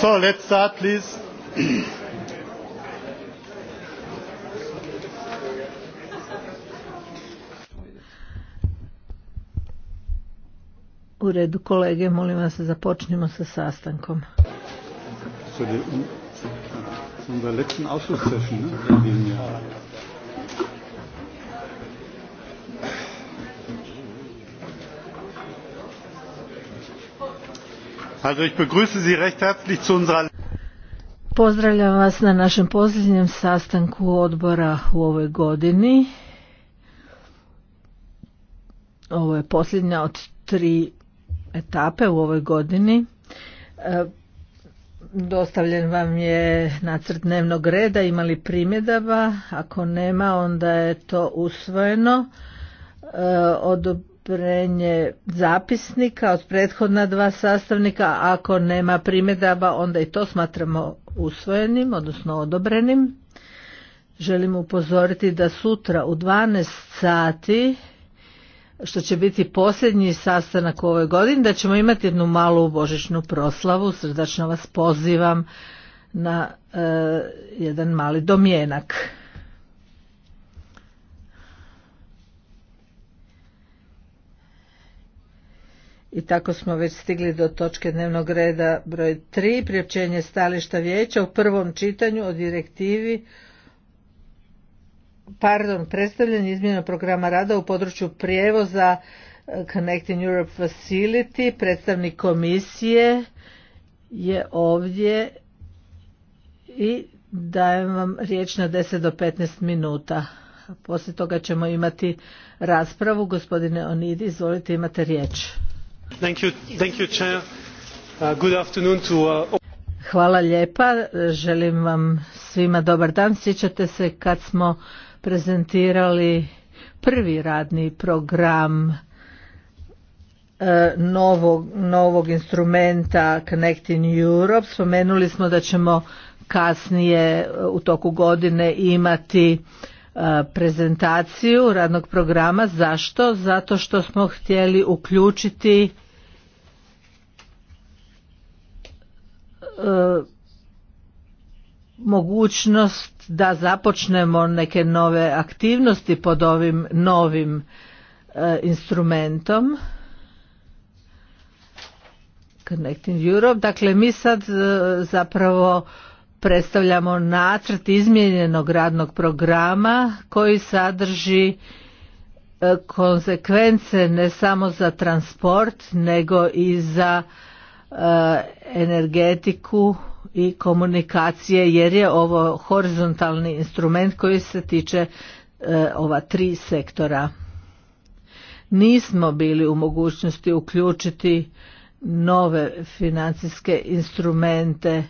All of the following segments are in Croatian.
So, let's start, please. U redu kolege, molim vas da započnemo sa sastankom. So, die, unser uh, letzten Ausschusssession ne? Also Pozdravljam vas na našem posljednjem sastanku odbora u ovoj godini. Ovo je posljednja od tri etape u ovoj godini. E, dostavljen vam je nacrt dnevnog reda, imali primjedaba, ako nema onda je to usvojeno. E, od prenje zapisnika od prethodna dva sastavnika. Ako nema primjedaba, onda i to smatramo usvojenim, odnosno odobrenim. Želim upozoriti da sutra u 12 sati, što će biti posljednji sastanak u ovoj godini, da ćemo imati jednu malu božićnu proslavu. Srdačno vas pozivam na e, jedan mali domjenak. I tako smo već stigli do točke dnevnog reda broj 3, priopćenje stališta vijeća u prvom čitanju o direktivi pardon, predstavljanje izmjena programa rada u području prijevoza e, Connecting Europe Facility, predstavnik komisije je ovdje i dajem vam riječ na 10 do 15 minuta. Poslije toga ćemo imati raspravu. Gospodine Onidi, izvolite, imate riječ. Hvala lijepa, želim vam svima dobar dan. Sjećate se kad smo prezentirali prvi radni program uh, novog, novog instrumenta Connecting Europe. Spomenuli smo da ćemo kasnije uh, u toku godine imati uh, prezentaciju radnog programa. Zašto? Zato što smo htjeli uključiti mogućnost da započnemo neke nove aktivnosti pod ovim novim e, instrumentom Connecting Europe. Dakle, mi sad e, zapravo predstavljamo nacrt izmijenjenog radnog programa koji sadrži e, konsekvence ne samo za transport nego i za E, energetiku i komunikacije jer je ovo horizontalni instrument koji se tiče e, ova tri sektora. Nismo bili u mogućnosti uključiti nove financijske instrumente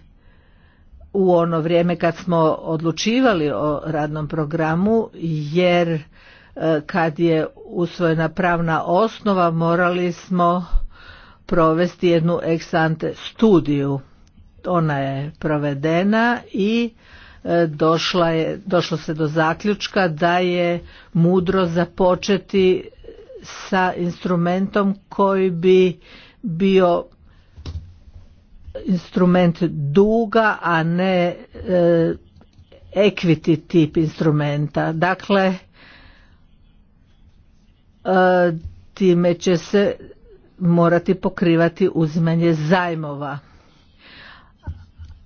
u ono vrijeme kad smo odlučivali o radnom programu jer e, kad je usvojena pravna osnova morali smo provesti jednu eksante studiju. Ona je provedena i e, došla je, došlo se do zaključka da je mudro započeti sa instrumentom koji bi bio instrument duga, a ne e, equity tip instrumenta. Dakle, e, time će se morati pokrivati uzimanje zajmova.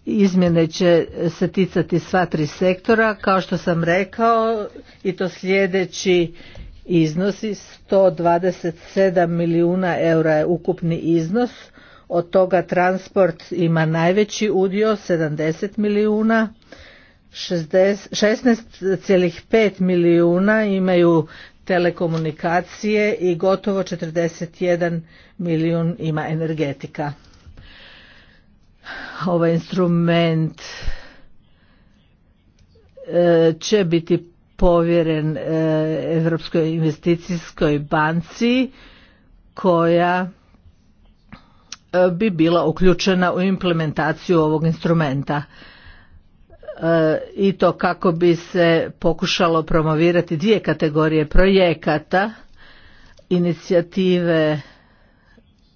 Izmjene će se ticati sva tri sektora, kao što sam rekao, i to sljedeći iznosi 127 milijuna eura je ukupni iznos, od toga transport ima najveći udio 70 milijuna, 16,5 milijuna imaju telekomunikacije i gotovo 41 milijun ima energetika. Ovaj instrument e, će biti povjeren Europskoj investicijskoj banci koja e, bi bila uključena u implementaciju ovog instrumenta. E, i to kako bi se pokušalo promovirati dvije kategorije projekata inicijative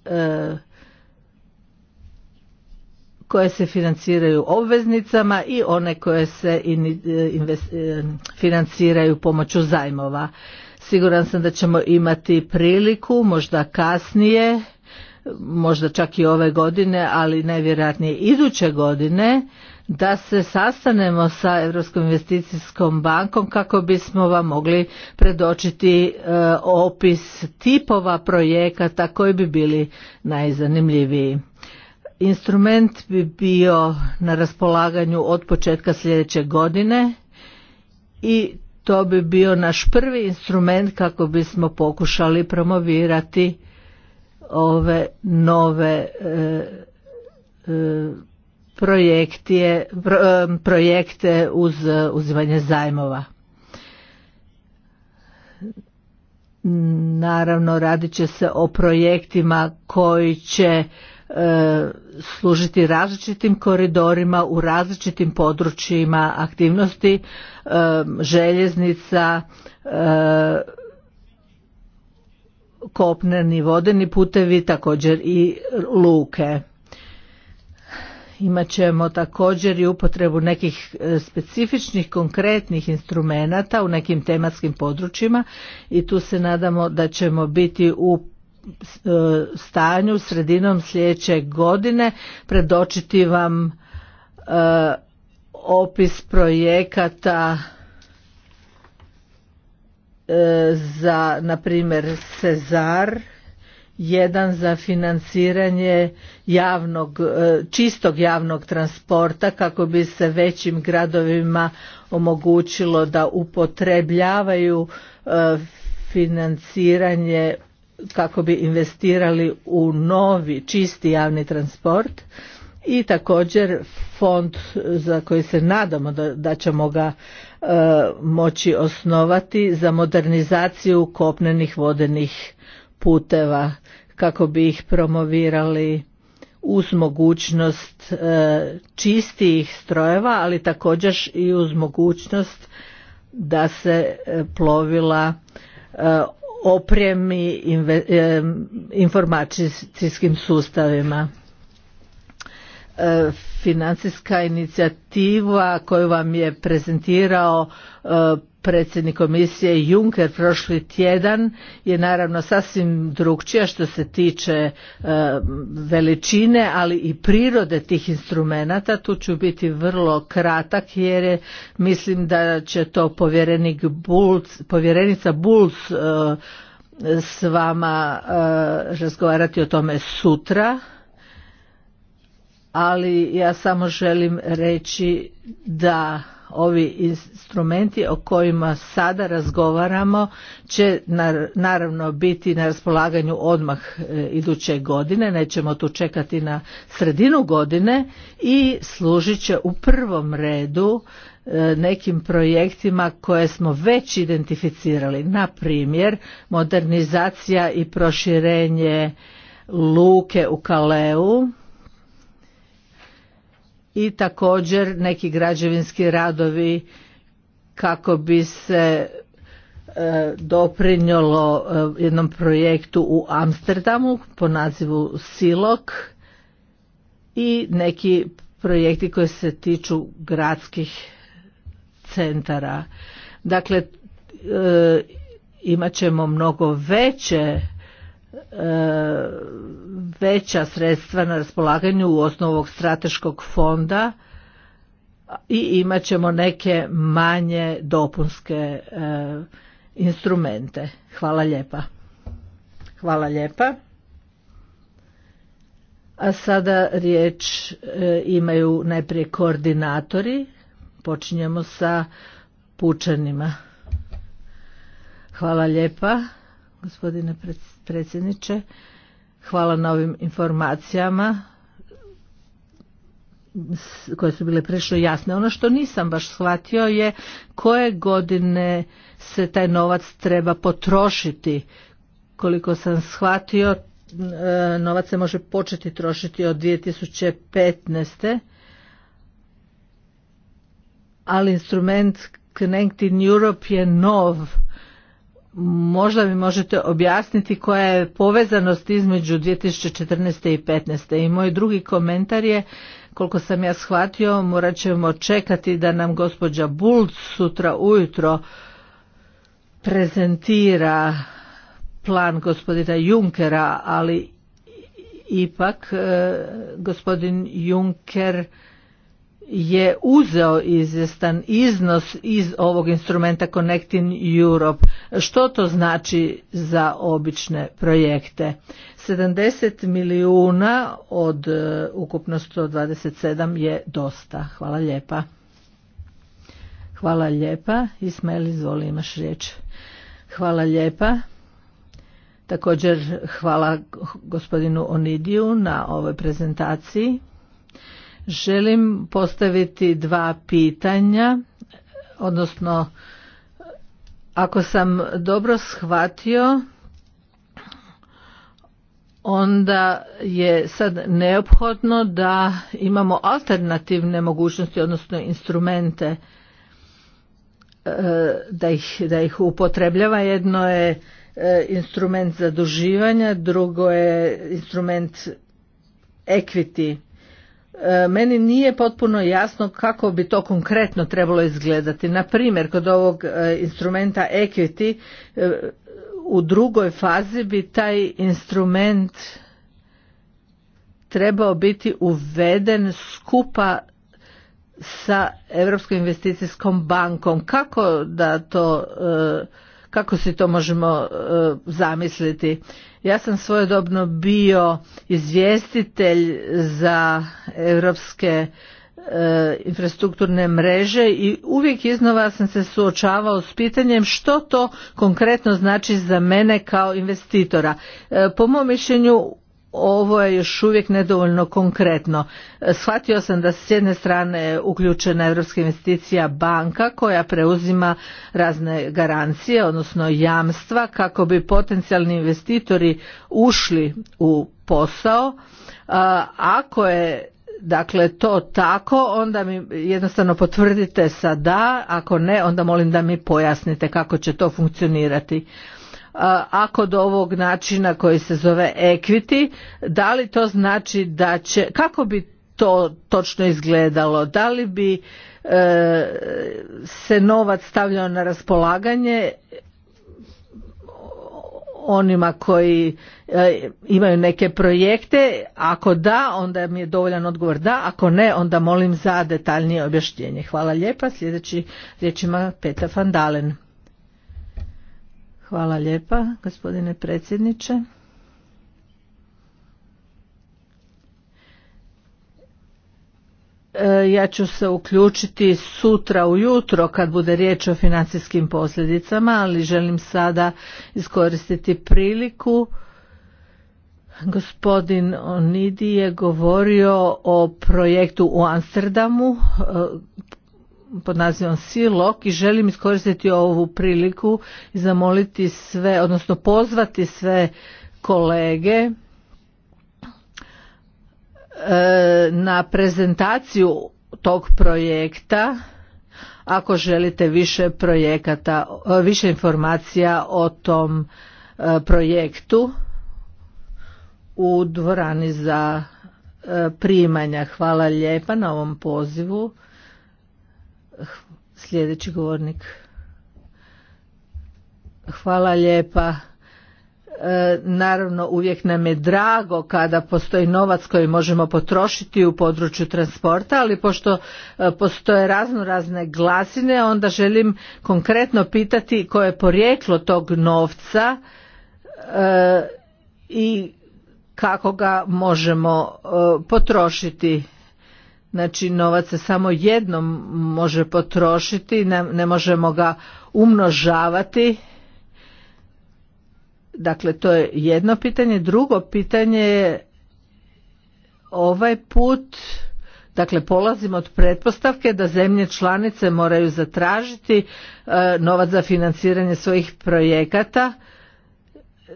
e, koje se financiraju obveznicama i one koje se e, financiraju pomoću zajmova. Siguran sam da ćemo imati priliku, možda kasnije, možda čak i ove godine, ali najvjerojatnije iduće godine, da se sastanemo sa Europskom investicijskom bankom kako bismo vam mogli predočiti e, opis tipova projekata koji bi bili najzanimljiviji. Instrument bi bio na raspolaganju od početka sljedeće godine i to bi bio naš prvi instrument kako bismo pokušali promovirati ove nove e, e, projekte projekte eh, uz eh, uzimanje zajmova. Naravno, radit će se o projektima koji će eh, služiti različitim koridorima u različitim područjima aktivnosti željeznica kopneni vodeni putevi također i luke Imat ćemo također i upotrebu nekih e, specifičnih konkretnih instrumenata u nekim tematskim područjima i tu se nadamo da ćemo biti u e, stanju sredinom sljedeće godine predočiti vam e, opis projekata za na primjer Cezar jedan za financiranje javnog, e, čistog javnog transporta kako bi se većim gradovima omogućilo da upotrebljavaju e, financiranje kako bi investirali u novi čisti javni transport i također fond za koji se nadamo da, da ćemo ga e, moći osnovati za modernizaciju kopnenih vodenih puteva kako bi ih promovirali uz mogućnost e, čistijih strojeva, ali također i uz mogućnost da se e, plovila e, opremi informacijskim sustavima financijska inicijativa koju vam je prezentirao e, predsjednik komisije Juncker prošli tjedan je naravno sasvim drugčija što se tiče e, veličine, ali i prirode tih instrumenata. Tu ću biti vrlo kratak jer je, mislim da će to povjerenik Bulc, povjerenica Bulc e, s vama razgovarati o tome sutra ali ja samo želim reći da ovi instrumenti o kojima sada razgovaramo će naravno biti na raspolaganju odmah e, iduće godine, nećemo tu čekati na sredinu godine i služit će u prvom redu e, nekim projektima koje smo već identificirali, na primjer modernizacija i proširenje luke u Kaleu, i također neki građevinski radovi kako bi se e, doprinjelo e, jednom projektu u Amsterdamu po nazivu Silok i neki projekti koji se tiču gradskih centara. Dakle, e, imat ćemo mnogo veće E, veća sredstva na raspolaganju u osnovu ovog strateškog fonda i imat ćemo neke manje dopunske e, instrumente. Hvala lijepa. Hvala lijepa. A sada riječ e, imaju najprije koordinatori. Počinjemo sa pučanima. Hvala lijepa gospodine predsjedniče. Hvala na ovim informacijama koje su bile prešle jasne. Ono što nisam baš shvatio je koje godine se taj novac treba potrošiti. Koliko sam shvatio, e, novac se može početi trošiti od 2015. Ali instrument Connecting Europe je nov možda mi možete objasniti koja je povezanost između 2014. i 2015. I moj drugi komentar je, koliko sam ja shvatio, morat ćemo čekati da nam gospođa Bulc sutra ujutro prezentira plan gospodina Junkera, ali ipak e, gospodin Juncker je uzeo izvjestan iznos iz ovog instrumenta Connecting Europe. Što to znači za obične projekte? 70 milijuna od e, ukupno 127 je dosta. Hvala lijepa. Hvala lijepa. Ismail, izvoli, imaš riječ. Hvala lijepa. Također hvala gospodinu Onidiju na ovoj prezentaciji. Želim postaviti dva pitanja, odnosno ako sam dobro shvatio, onda je sad neophodno da imamo alternativne mogućnosti, odnosno instrumente e, da ih, da ih upotrebljava. Jedno je e, instrument zaduživanja, drugo je instrument equity E, meni nije potpuno jasno kako bi to konkretno trebalo izgledati. Na primjer, kod ovog e, instrumenta equity e, u drugoj fazi bi taj instrument trebao biti uveden skupa sa Europskom investicijskom bankom. Kako da to kako si to možemo zamisliti? Ja sam svojedobno bio izvjestitelj za europske e, infrastrukturne mreže i uvijek iznova sam se suočavao s pitanjem što to konkretno znači za mene kao investitora. E, po mom mišljenju ovo je još uvijek nedovoljno konkretno. Shvatio sam da s jedne strane je uključena Europska investicija banka koja preuzima razne garancije, odnosno jamstva kako bi potencijalni investitori ušli u posao. Ako je dakle to tako, onda mi jednostavno potvrdite sa da, ako ne, onda molim da mi pojasnite kako će to funkcionirati a kod ovog načina koji se zove equity, da li to znači da će, kako bi to točno izgledalo, da li bi e, se novac stavljao na raspolaganje onima koji e, imaju neke projekte, ako da, onda mi je dovoljan odgovor da, ako ne, onda molim za detaljnije objašnjenje. Hvala lijepa, sljedeći riječ ima Peta Fandalen. Hvala lijepa, gospodine predsjedniče. E, ja ću se uključiti sutra ujutro kad bude riječ o financijskim posljedicama, ali želim sada iskoristiti priliku. Gospodin Onidi je govorio o projektu u Amsterdamu e, pod nazivom Silok i želim iskoristiti ovu priliku i zamoliti sve, odnosno pozvati sve kolege e, na prezentaciju tog projekta ako želite više projekata, e, više informacija o tom e, projektu u dvorani za primanja. Hvala lijepa na ovom pozivu. Sljedeći govornik. Hvala lijepa. E, naravno uvijek nam je drago kada postoji novac koji možemo potrošiti u području transporta, ali pošto e, postoje razno razne glasine, onda želim konkretno pitati koje je porijeklo tog novca e, i kako ga možemo potrošiti. Znači novac se samo jednom može potrošiti, ne, ne možemo ga umnožavati. Dakle, to je jedno pitanje. Drugo pitanje je ovaj put, dakle polazimo od pretpostavke da zemlje članice moraju zatražiti e, novac za financiranje svojih projekata.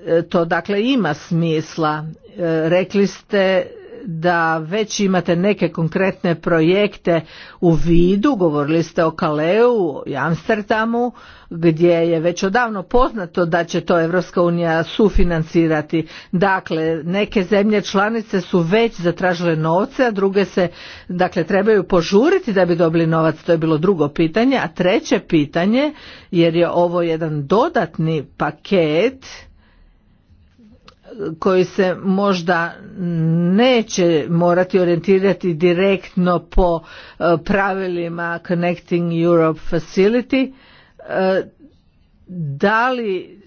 E, to dakle ima smisla. E, rekli ste da već imate neke konkretne projekte u vidu, govorili ste o Kaleu i Amsterdamu gdje je već odavno poznato da će to Evropska unija sufinancirati. Dakle, neke zemlje članice su već zatražile novce, a druge se dakle trebaju požuriti da bi dobili novac, to je bilo drugo pitanje, a treće pitanje jer je ovo jedan dodatni paket koji se možda neće morati orijentirati direktno po e, pravilima Connecting Europe Facility, e, da li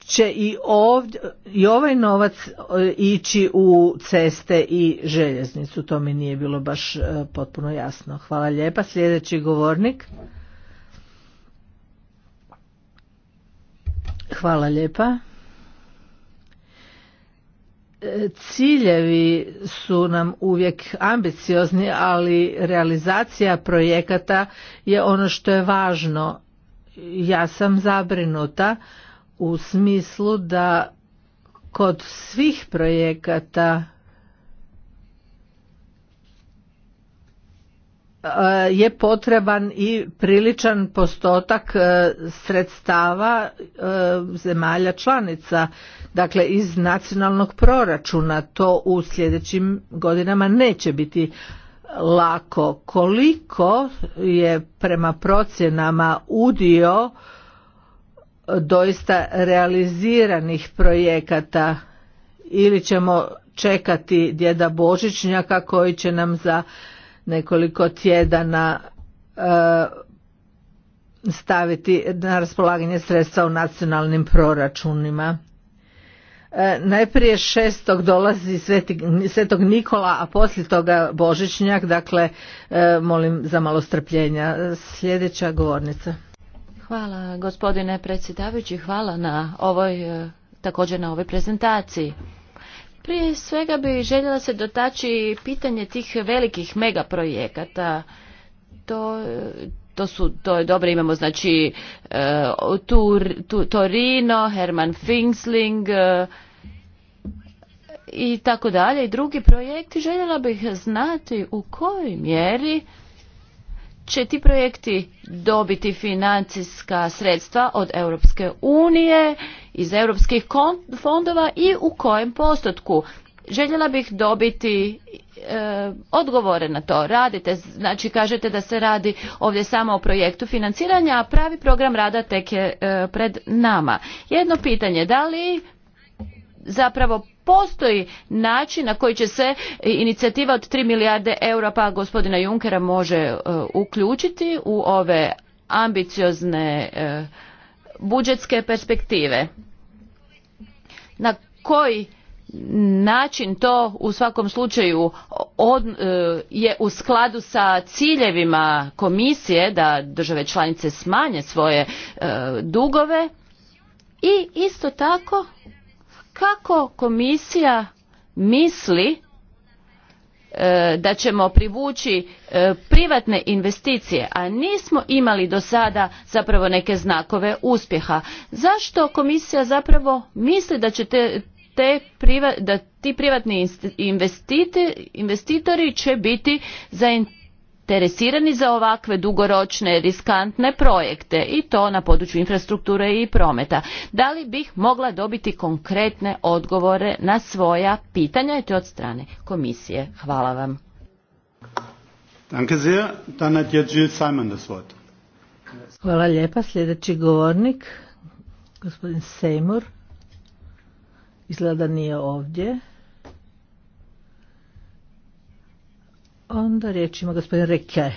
će i, ovdje, i ovaj novac e, ići u ceste i željeznicu. To mi nije bilo baš potpuno jasno. Hvala lijepa. Sljedeći govornik. Hvala lijepa. E, ciljevi su nam uvijek ambiciozni, ali realizacija projekata je ono što je važno. Ja sam zabrinuta u smislu da kod svih projekata e, je potreban i priličan postotak e, sredstava zemalja članica dakle iz nacionalnog proračuna to u sljedećim godinama neće biti lako koliko je prema procjenama udio doista realiziranih projekata ili ćemo čekati djeda Božićnjaka koji će nam za nekoliko tjedana e, staviti na raspolaganje sredstva u nacionalnim proračunima. E, najprije šestog dolazi Sveti, svetog Nikola, a poslije toga Božićnjak, dakle e, molim za malo strpljenja. Sljedeća govornica. Hvala gospodine predsjedavajući, hvala na ovoj, e, također na ovoj prezentaciji. Prije svega bi željela se dotaći pitanje tih velikih megaprojekata. To, to su to je dobro imamo znači e, Torino, Herman Fingsling e, i tako dalje i drugi projekti željela bih znati u kojoj mjeri će ti projekti dobiti financijska sredstva od Europske unije iz europskih fondova i u kojem postotku Željela bih dobiti e, odgovore na to. Radite, znači kažete da se radi ovdje samo o projektu financiranja, a pravi program rada tek je e, pred nama. Jedno pitanje, da li zapravo postoji način na koji će se inicijativa od 3 milijarde eura pa gospodina Junkera može e, uključiti u ove ambiciozne budžetske perspektive. Na koji način to u svakom slučaju od, e, je u skladu sa ciljevima komisije da države članice smanje svoje e, dugove i isto tako kako komisija misli e, da ćemo privući privatne investicije a nismo imali do sada zapravo neke znakove uspjeha zašto komisija zapravo misli da će te, te da ti privatni investitori će biti zainteresirani za ovakve dugoročne riskantne projekte i to na području infrastrukture i prometa. Da li bih mogla dobiti konkretne odgovore na svoja pitanja i to od strane komisije? Hvala vam. Danke Hvala lijepa. Sljedeći govornik, gospodin Seymour. Izgleda da nije ovdje. Onda riječ ima gospodin Reke.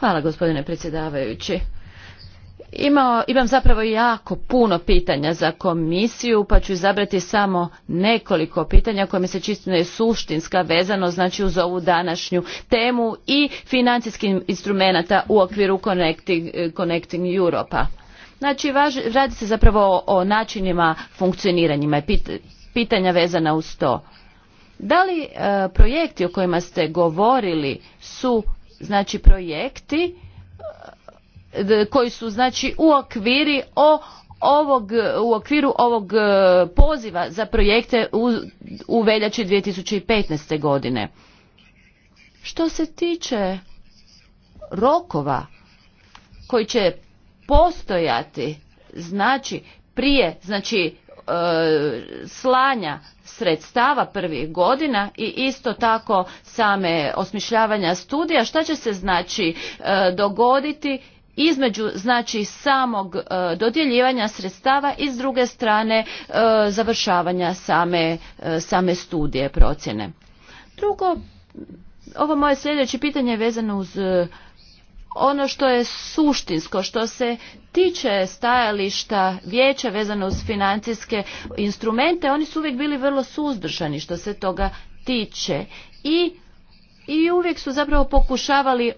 Hvala gospodine predsjedavajući. imam zapravo jako puno pitanja za komisiju pa ću izabrati samo nekoliko pitanja koje mi se čisto je suštinska vezano znači uz ovu današnju temu i financijskih instrumenata u okviru Connecting, Connecting Europa. Znači, radi se zapravo o, načinima funkcioniranjima i pitanja vezana uz to. Da li e, projekti o kojima ste govorili su, znači, projekti e, koji su, znači, u okviri o ovog, u okviru ovog e, poziva za projekte u, u veljači 2015. godine. Što se tiče rokova koji će postojati znači prije znači e, slanja sredstava prvih godina i isto tako same osmišljavanja studija šta će se znači e, dogoditi između znači samog e, dodjeljivanja sredstava i s druge strane završavanja same, same studije procjene drugo ovo moje sljedeće pitanje je vezano uz ono što je suštinsko, što se tiče stajališta vijeća vezano uz financijske instrumente, oni su uvijek bili vrlo suzdržani što se toga tiče i i uvijek su zapravo pokušavali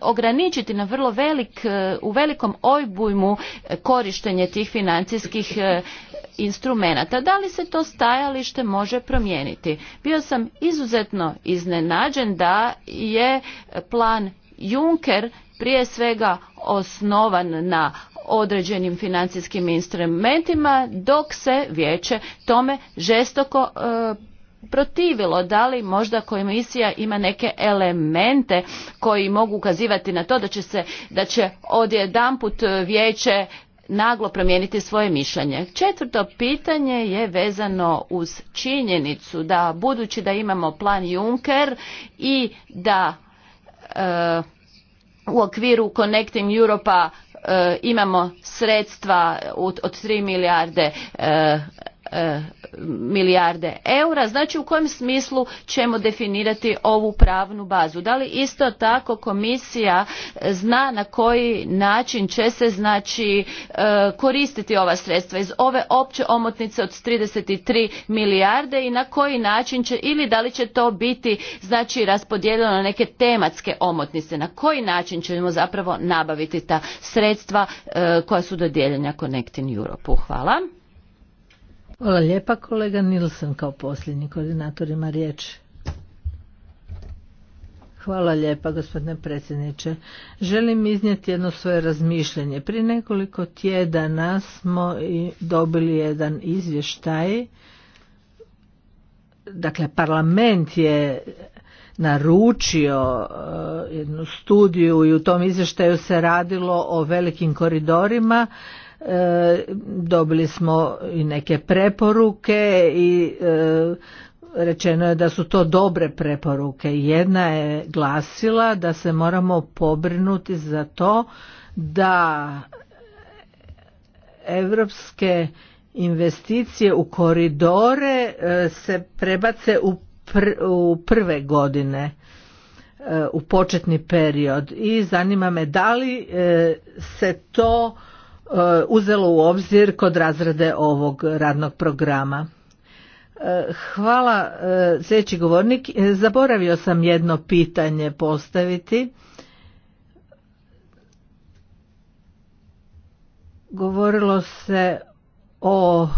ograničiti na vrlo velik, e, u velikom ojbujmu e, korištenje tih financijskih e, instrumenata. Da li se to stajalište može promijeniti? Bio sam izuzetno iznenađen da je plan Juncker prije svega osnovan na određenim financijskim instrumentima dok se vijeće tome žestoko e, protivilo da li možda komisija ima neke elemente koji mogu ukazivati na to da će se da će odjedanput vijeće naglo promijeniti svoje mišljenje. Četvrto pitanje je vezano uz činjenicu da budući da imamo plan Juncker i da e, u okviru Connecting Europa e, imamo sredstva od 3 milijarde e, E, milijarde eura. Znači u kojem smislu ćemo definirati ovu pravnu bazu? Da li isto tako komisija zna na koji način će se znači e, koristiti ova sredstva iz ove opće omotnice od 33 milijarde i na koji način će ili da li će to biti znači raspodijeljeno na neke tematske omotnice? Na koji način ćemo zapravo nabaviti ta sredstva e, koja su dodijeljena Connecting Europu? Hvala. Hvala lijepa kolega Nilsen kao posljednji koordinator ima riječ. Hvala lijepa gospodine predsjedniče. Želim iznijeti jedno svoje razmišljanje. Prije nekoliko tjedana smo dobili jedan izvještaj. Dakle, parlament je naručio e, jednu studiju i u tom izvještaju se radilo o velikim koridorima E, dobili smo i neke preporuke i e, rečeno je da su to dobre preporuke. Jedna je glasila da se moramo pobrinuti za to da evropske investicije u koridore e, se prebace u prve godine u početni period i zanima me da li se to E, uzelo u obzir kod razrade ovog radnog programa. E, hvala e, sljedeći govornik. Zaboravio sam jedno pitanje postaviti. Govorilo se o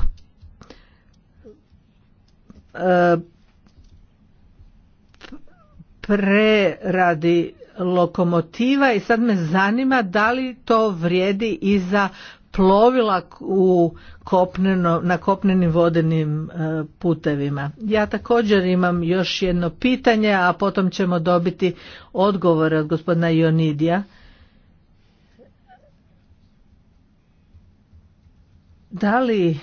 preradi lokomotiva i sad me zanima da li to vrijedi i za plovila u kopneno, na kopnenim vodenim e, putevima. Ja također imam još jedno pitanje, a potom ćemo dobiti odgovore od gospodina Ionidija. Da li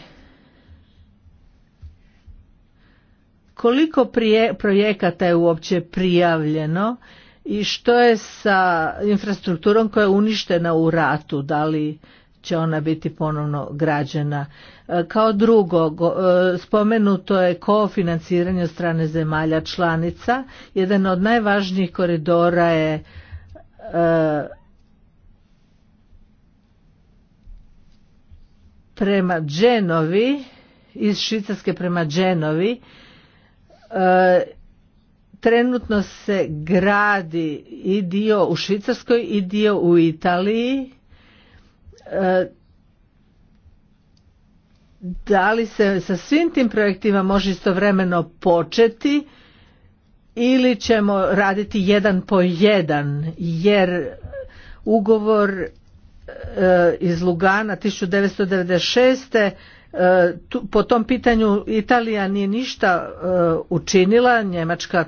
koliko projekata je uopće prijavljeno i što je sa infrastrukturom koja je uništena u ratu, da li će ona biti ponovno građena. E, kao drugo, e, spomenuto je kofinanciranje od strane zemalja članica. Jedan od najvažnijih koridora je e, prema Dženovi, iz Švicarske prema Dženovi, trenutno se gradi i dio u Švicarskoj i dio u Italiji. E, da li se sa svim tim projektima može istovremeno početi ili ćemo raditi jedan po jedan jer ugovor e, iz Lugana 1996. E, po tom pitanju Italija nije ništa učinila, Njemačka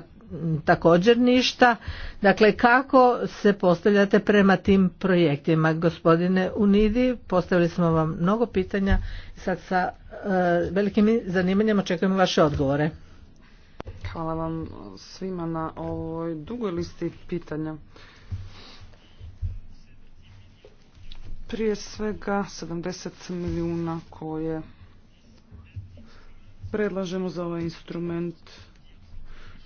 također ništa. Dakle, kako se postavljate prema tim projektima? Gospodine Unidi, postavili smo vam mnogo pitanja. Sad sa e, velikim zanimanjem očekujemo vaše odgovore. Hvala vam svima na ovoj dugoj listi pitanja. Prije svega 70 milijuna koje predlažemo za ovaj instrument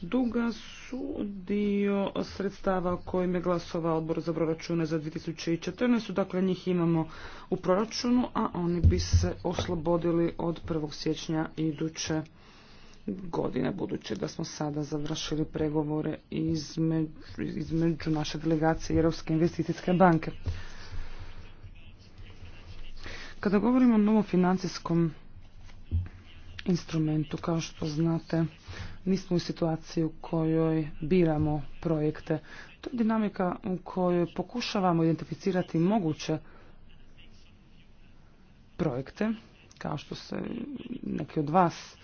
duga su dio sredstava kojim je glasovao odbor za proračune za 2014. Dakle, njih imamo u proračunu, a oni bi se oslobodili od 1. siječnja iduće godine, budući da smo sada završili pregovore između, između naše delegacije i Europske investicijske banke. Kada govorimo o novom financijskom instrumentu, kao što znate, nismo u situaciji u kojoj biramo projekte. To je dinamika u kojoj pokušavamo identificirati moguće projekte, kao što se neki od vas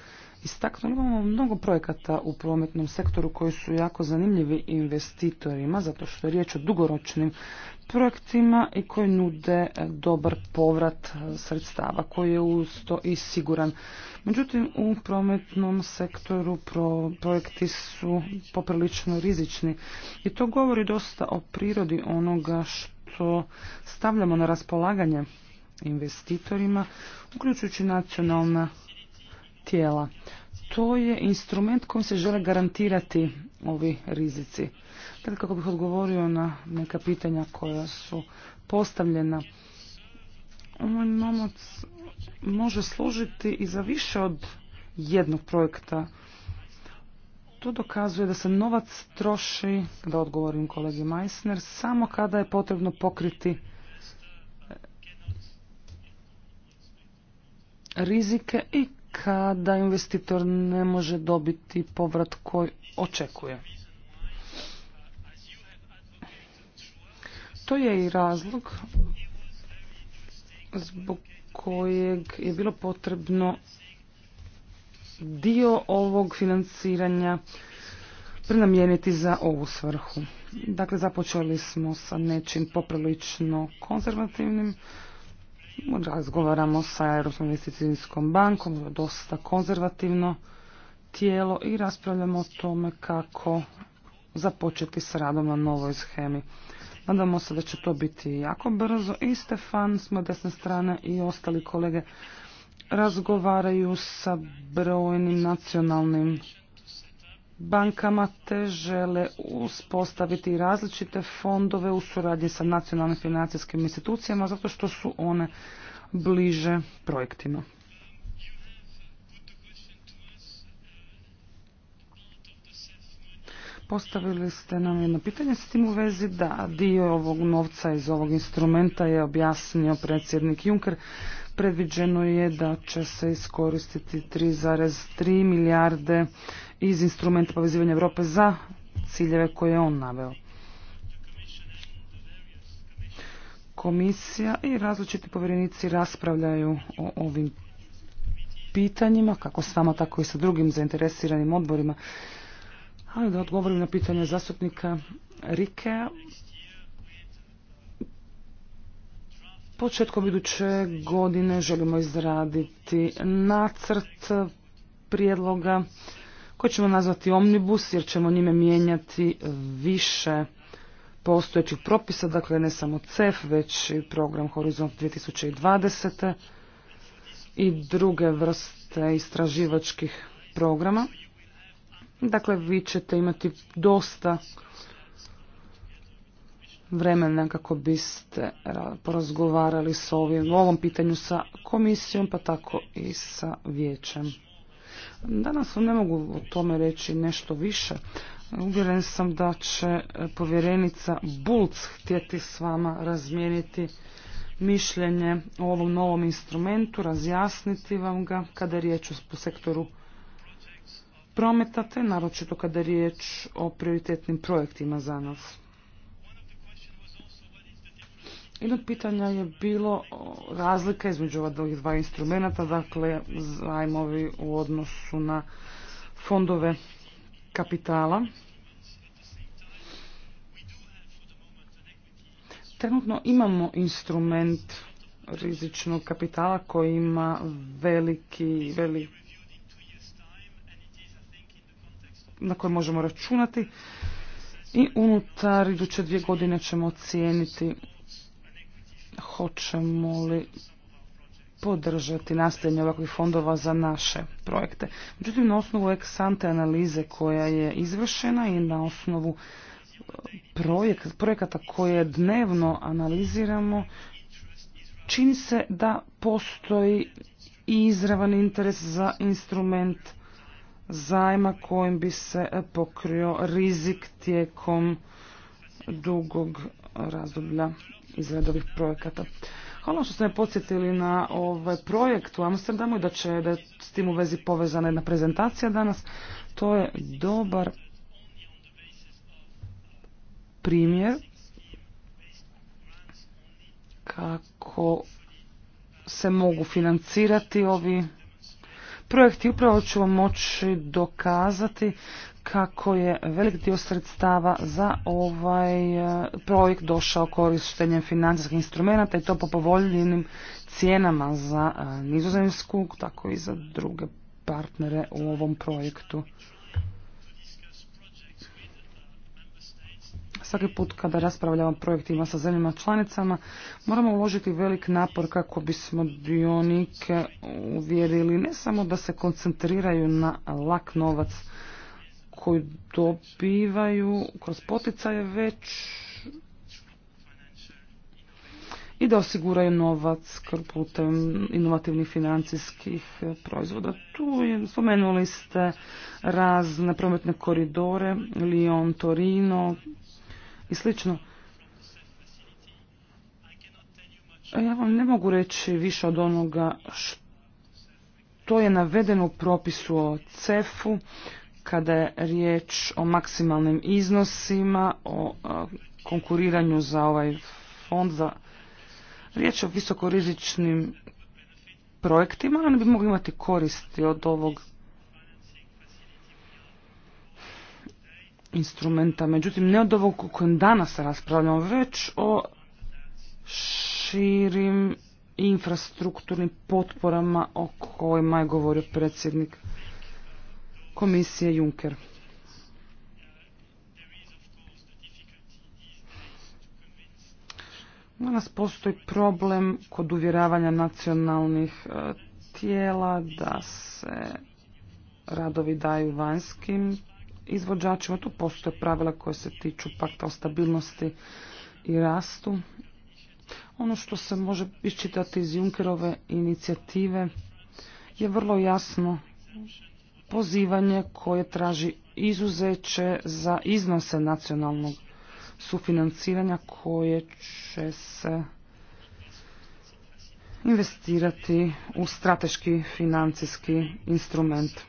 istaknuli. Imamo mnogo projekata u prometnom sektoru koji su jako zanimljivi investitorima, zato što je riječ o dugoročnim projektima i koji nude e, dobar povrat e, sredstava koji je usto i siguran. Međutim, u prometnom sektoru projekti su poprilično rizični i to govori dosta o prirodi onoga što stavljamo na raspolaganje investitorima, uključujući nacionalna tijela. To je instrument kojim se žele garantirati ovi rizici. Tako dakle, kako bih odgovorio na neka pitanja koja su postavljena, ovaj novac može služiti i za više od jednog projekta. To dokazuje da se novac troši, da odgovorim kolegi Meissner, samo kada je potrebno pokriti e, rizike i kada investitor ne može dobiti povrat koji očekuje. To je i razlog zbog kojeg je bilo potrebno dio ovog financiranja prenamijeniti za ovu svrhu. Dakle, započeli smo sa nečim poprilično konzervativnim, Razgovaramo sa Europskom investicijskom bankom, dosta konzervativno tijelo i raspravljamo o tome kako započeti s radom na novoj schemi. Nadamo se da će to biti jako brzo i Stefan s moje desne strane i ostali kolege razgovaraju sa brojnim nacionalnim bankama te žele uspostaviti različite fondove u suradnji sa nacionalnim financijskim institucijama zato što su one bliže projektima. Postavili ste nam jedno pitanje s tim u vezi da dio ovog novca iz ovog instrumenta je objasnio predsjednik Juncker. Predviđeno je da će se iskoristiti 3,3 milijarde iz instrumenta povezivanja Europe za ciljeve koje je on naveo. Komisija i različiti povjerenici raspravljaju o ovim pitanjima, kako s vama, tako i sa drugim zainteresiranim odborima. Ali da odgovorim na pitanje zastupnika Rike. Početkom iduće godine želimo izraditi nacrt prijedloga koje ćemo nazvati omnibus jer ćemo njime mijenjati više postojećih propisa, dakle ne samo CEF, već i program Horizont 2020. i druge vrste istraživačkih programa. Dakle, vi ćete imati dosta vremena kako biste porazgovarali s ovim, ovom pitanju sa komisijom, pa tako i sa vijećem. Danas ne mogu o tome reći nešto više. Uvjeren sam da će povjerenica Bulc htjeti s vama razmijeniti mišljenje o ovom novom instrumentu, razjasniti vam ga kada je riječ o sektoru prometa, te naročito kada je riječ o prioritetnim projektima za nas. Jedno pitanja je bilo razlika između ova dva instrumenta, dakle zajmovi u odnosu na fondove kapitala. Trenutno imamo instrument rizičnog kapitala koji ima veliki, veliki na koje možemo računati i unutar iduće dvije godine ćemo ocijeniti hoćemo li podržati nastajanje ovakvih fondova za naše projekte. Međutim, na osnovu eksante analize koja je izvršena i na osnovu e, projekata koje dnevno analiziramo, čini se da postoji izravan interes za instrument zajma kojim bi se pokrio rizik tijekom dugog razdoblja izrade projekata. Hvala što ste me podsjetili na ovaj projekt u Amsterdamu i da će da je s tim u vezi povezana jedna prezentacija danas. To je dobar primjer kako se mogu financirati ovi projekti. Upravo ću vam moći dokazati kako je velik dio sredstava za ovaj e, projekt došao korištenjem financijskih instrumenta i to po povoljnim cijenama za e, nizozemsku, tako i za druge partnere u ovom projektu. Svaki put kada raspravljamo o projektima sa zemljama članicama, moramo uložiti velik napor kako bismo dionike uvjerili ne samo da se koncentriraju na lak novac, koju dobivaju kroz poticaje već i da osiguraju novac putem inovativnih financijskih proizvoda. Tu je, spomenuli ste razne prometne koridore, Lyon, Torino i slično. Ja vam ne mogu reći više od onoga što je navedeno u propisu o CEF-u kada je riječ o maksimalnim iznosima, o konkuriranju za ovaj fond, za riječ o visokorizičnim projektima, oni bi mogli imati koristi od ovog instrumenta, međutim ne od ovog o kojem danas raspravljamo, već o širim infrastrukturnim potporama o kojima je govorio predsjednik komisije Juncker. Danas postoji problem kod uvjeravanja nacionalnih e, tijela da se radovi daju vanjskim izvođačima. Tu postoje pravila koje se tiču pakta o stabilnosti i rastu. Ono što se može iščitati iz Junkerove inicijative je vrlo jasno pozivanje koje traži izuzeće za iznose nacionalnog sufinanciranja koje će se investirati u strateški financijski instrument.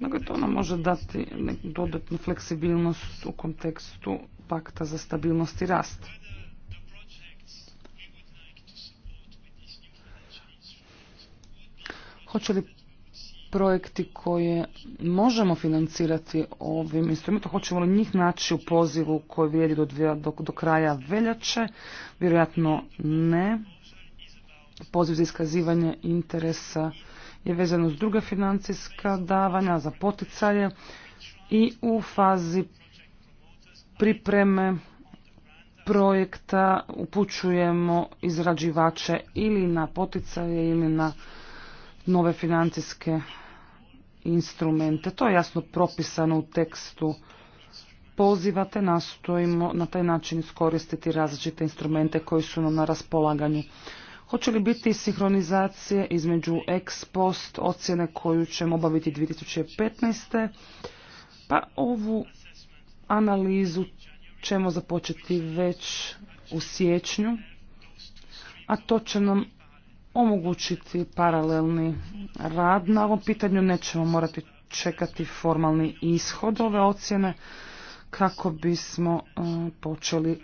Dakle, to nam može dati dodatnu fleksibilnost u kontekstu pakta za stabilnost i rast. Hoće li projekti koje možemo financirati ovim instrumentom, hoćemo li njih naći u pozivu koji vrijedi do, do, do kraja veljače? Vjerojatno ne. Poziv za iskazivanje interesa je vezano uz druga financijska davanja za poticaje i u fazi pripreme projekta upućujemo izrađivače ili na poticaje ili na nove financijske instrumente. To je jasno propisano u tekstu pozivate, nastojimo na taj način iskoristiti različite instrumente koji su nam na raspolaganju. Hoće li biti sinhronizacije između ex post ocjene koju ćemo obaviti 2015. Pa ovu analizu ćemo započeti već u siječnju, a to će nam omogućiti paralelni rad na ovom pitanju. Nećemo morati čekati formalni ishod ove ocjene kako bismo e, počeli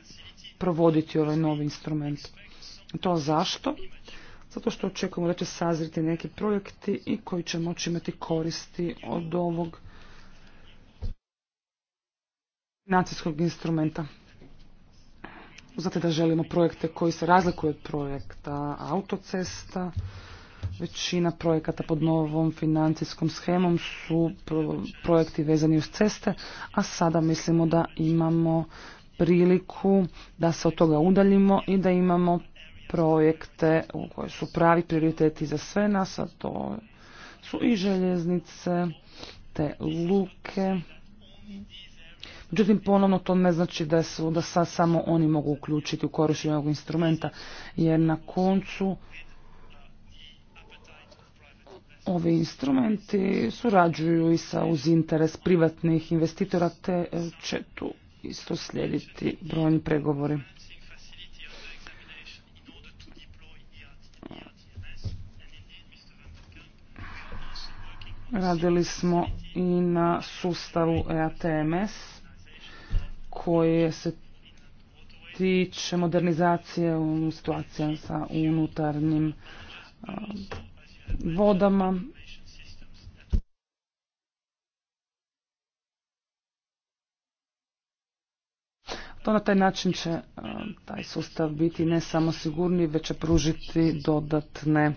provoditi ovaj novi instrument. To zašto? Zato što očekujemo da će sazriti neki projekti i koji će moći imati koristi od ovog financijskog instrumenta. Znate da želimo projekte koji se razlikuju od projekta autocesta. Većina projekata pod novom financijskom schemom su projekti vezani uz ceste, a sada mislimo da imamo priliku da se od toga udaljimo i da imamo projekte u koji su pravi prioriteti za sve nas, a to su i željeznice, te luke Međutim, ponovno to ne znači da, su, da sad samo oni mogu uključiti u korištenje ovog instrumenta, jer na koncu ovi instrumenti surađuju i sa uz interes privatnih investitora, te e, će tu isto slijediti brojni pregovori. Radili smo i na sustavu EATMS koje se tiče modernizacije u situacija sa unutarnjim vodama. To na taj način će taj sustav biti ne samo sigurniji, već će pružiti dodatne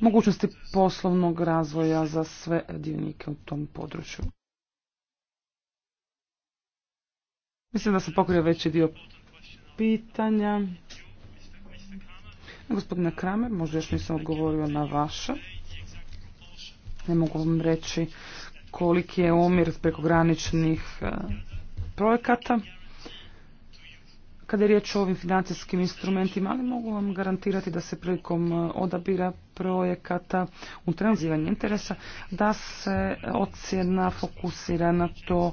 mogućnosti poslovnog razvoja za sve dionike u tom području. Mislim da sam pokrio veći dio pitanja. Gospodine Kramer, možda još nisam odgovorio na vaša. Ne mogu vam reći koliki je omjer prekograničnih e, projekata. Kada je riječ o ovim financijskim instrumentima, ali mogu vam garantirati da se prilikom e, odabira projekata u tranzivanju interesa, da se ocjena fokusira na to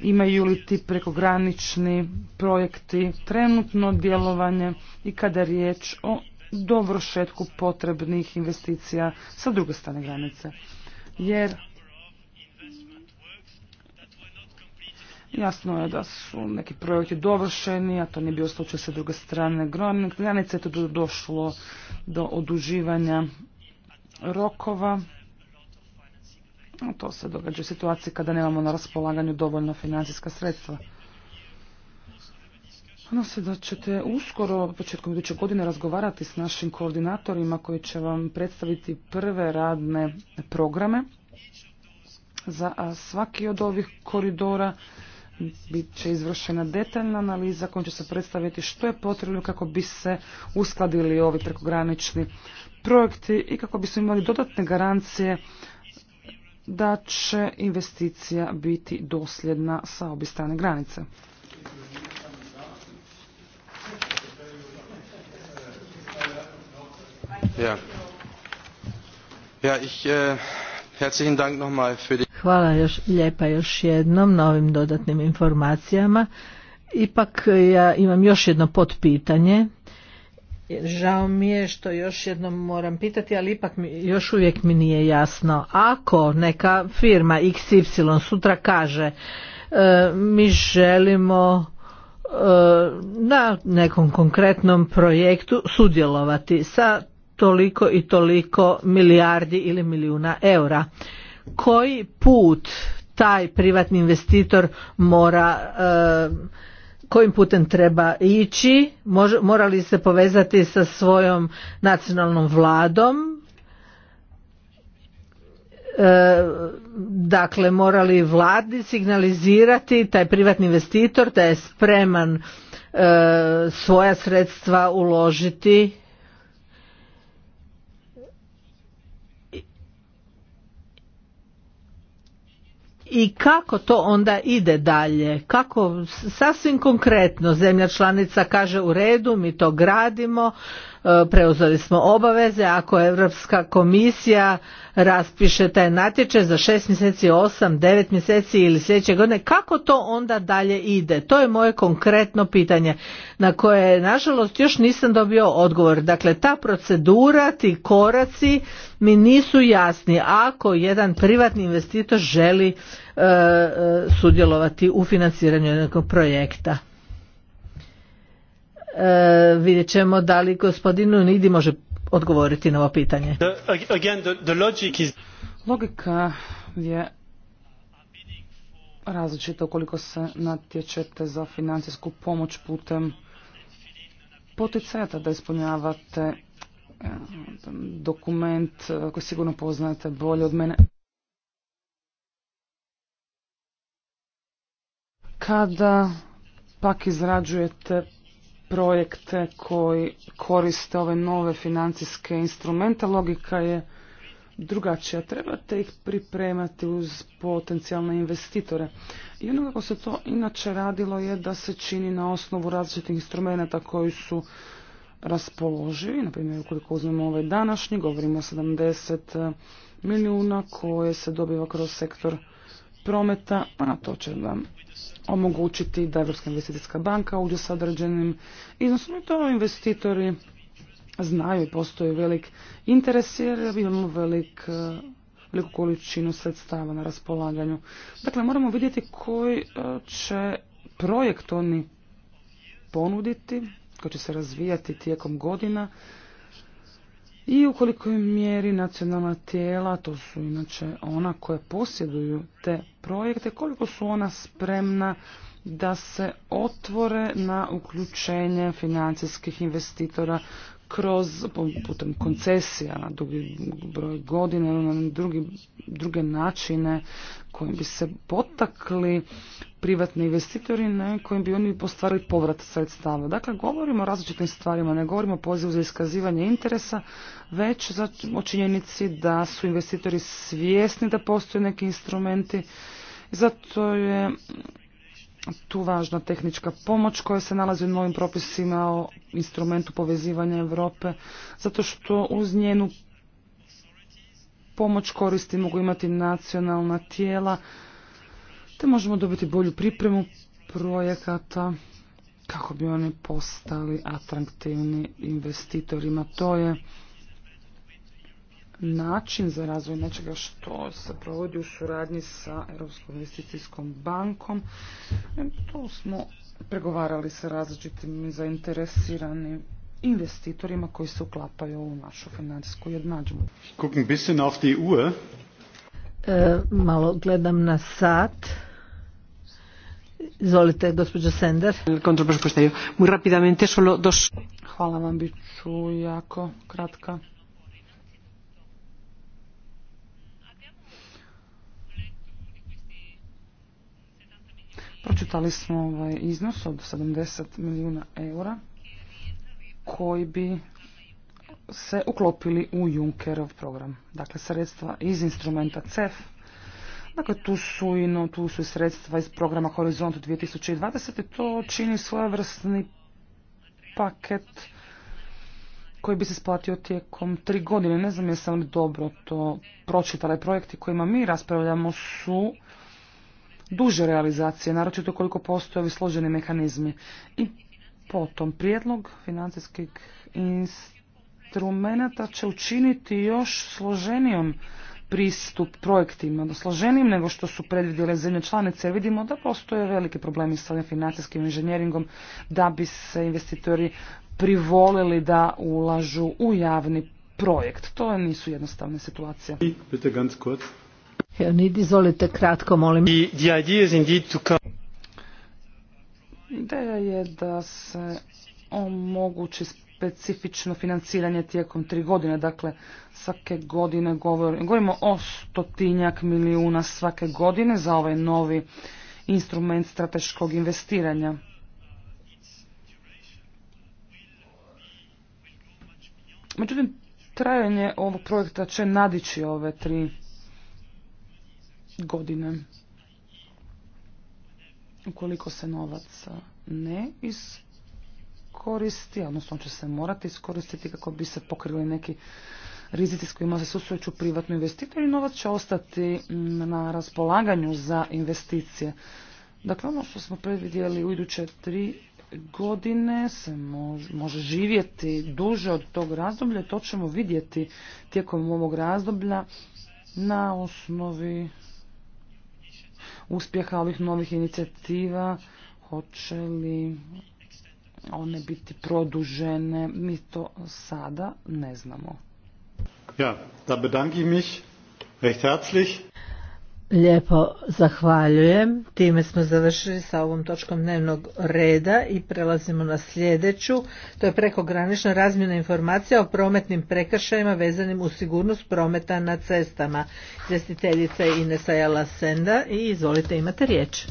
imaju li ti prekogranični projekti trenutno djelovanje i kada je riječ o dovršetku potrebnih investicija sa druge strane granice. Jer jasno je da su neki projekti dovršeni, a to nije bio slučaj sa druge strane granice, to je došlo do oduživanja rokova. To se događa u situaciji kada nemamo na raspolaganju dovoljno financijska sredstva. Ono se da ćete uskoro, početkom iduće godine, razgovarati s našim koordinatorima koji će vam predstaviti prve radne programe. Za svaki od ovih koridora bit će izvršena detaljna analiza kojom će se predstaviti što je potrebno kako bi se uskladili ovi prekogranični projekti i kako bismo imali dodatne garancije da će investicija biti dosljedna sa obi strane granice. Eh, Hvala još, lijepa još jednom na ovim dodatnim informacijama. Ipak eh, ja imam još jedno potpitanje. Žao mi je što još jednom moram pitati, ali ipak mi, još uvijek mi nije jasno. Ako neka firma XY sutra kaže e, mi želimo e, na nekom konkretnom projektu sudjelovati sa toliko i toliko milijardi ili milijuna eura. Koji put taj privatni investitor mora e, kojim putem treba ići, morali se povezati sa svojom nacionalnom vladom, E, dakle morali vladi signalizirati taj privatni investitor da je spreman e, svoja sredstva uložiti i kako to onda ide dalje kako sasvim konkretno zemlja članica kaže u redu mi to gradimo E, preuzeli smo obaveze ako Europska komisija raspiše taj natječaj za šest mjeseci, osam, devet mjeseci ili sljedeće godine, kako to onda dalje ide? To je moje konkretno pitanje na koje nažalost još nisam dobio odgovor. Dakle, ta procedura, ti koraci mi nisu jasni ako jedan privatni investitor želi e, e, sudjelovati u financiranju nekog projekta. E, vidjet ćemo da li gospodin Nidi može odgovoriti na ovo pitanje. Logika je različita ukoliko se natječete za financijsku pomoć putem poticajata da ispunjavate e, dokument e, koji sigurno poznajete bolje od mene. Kada pak izrađujete projekte koji koriste ove nove financijske instrumente. Logika je drugačija. Trebate ih pripremati uz potencijalne investitore. I ono kako se to inače radilo je da se čini na osnovu različitih instrumenta koji su raspoloživi. Naprimjer, ukoliko uzmemo ovaj današnji, govorimo o 70 milijuna koje se dobiva kroz sektor prometa, a to će vam omogućiti da Evropska investicijska banka uđe sa određenim iznosom i to investitori znaju i postoji velik interes jer imamo velik, eh, veliku količinu sredstava na raspolaganju. Dakle, moramo vidjeti koji eh, će projekt oni ponuditi, koji će se razvijati tijekom godina i u kolikoj mjeri nacionalna tijela, to su inače ona koje posjeduju te projekte, koliko su ona spremna da se otvore na uključenje financijskih investitora kroz putem koncesija na dugi broj godina na drugi, druge načine kojim bi se potakli privatni investitori na kojim bi oni postvarili povrat sredstava. Dakle, govorimo o različitim stvarima, ne govorimo o pozivu za iskazivanje interesa, već o činjenici da su investitori svjesni da postoje neki instrumenti. Zato je tu važna tehnička pomoć koja se nalazi u novim propisima o instrumentu povezivanja Europe, zato što uz njenu pomoć koristi mogu imati nacionalna tijela, te možemo dobiti bolju pripremu projekata kako bi oni postali atraktivni investitorima. To je način za razvoj nečega što se provodi u suradnji sa Europskom investicijskom bankom. E, tu smo pregovarali sa različitim zainteresiranim investitorima koji se uklapaju u našu financijsku jednadžbu. Gucken bisschen auf die Uhr. E, malo gledam na sat. Izvolite, gospođo Sender. Muy rápidamente, solo dos. Hvala vam, bit ću jako kratka. Pročitali smo ovaj iznos od 70 milijuna eura koji bi se uklopili u Junckerov program. Dakle, sredstva iz instrumenta CEF. Dakle, tu su, i, no, tu su sredstva iz programa Horizontu 2020. To čini svojevrsni paket koji bi se splatio tijekom tri godine. Ne znam jesam li dobro to pročitala. Projekti kojima mi raspravljamo su duže realizacije, naročito koliko postoje ovi složeni mehanizmi. I potom prijedlog financijskih instrumenta će učiniti još složenijom pristup projektima, da složenijim nego što su predvidjele zemlje članice, vidimo da postoje velike problemi sa financijskim inženjeringom da bi se investitori privolili da ulažu u javni projekt. To nisu jednostavne situacije. ganz izvolite kratko, molim. Ideja je da se omogući specifično financiranje tijekom tri godine. Dakle, svake godine govorimo, govorimo o stotinjak milijuna svake godine za ovaj novi instrument strateškog investiranja. Međutim, trajanje ovog projekta će nadići ove tri godine. Ukoliko se novac ne iskoristi, odnosno će se morati iskoristiti kako bi se pokrili neki rizici s kojima se susreću privatni investitori, novac će ostati na raspolaganju za investicije. Dakle, ono što smo predvidjeli u iduće tri godine se može, može živjeti duže od tog razdoblja to ćemo vidjeti tijekom ovog razdoblja na osnovi uspjeha ovih novih inicijativa, hoće li one biti produžene, mi to sada ne znamo. Ja, da bedanke mich recht herzlich. Lijepo zahvaljujem. Time smo završili sa ovom točkom dnevnog reda i prelazimo na sljedeću. To je prekogranična razmjena informacija o prometnim prekršajima vezanim u sigurnost prometa na cestama. Izvjestiteljica je Inesa Jala Senda i izvolite imate riječ.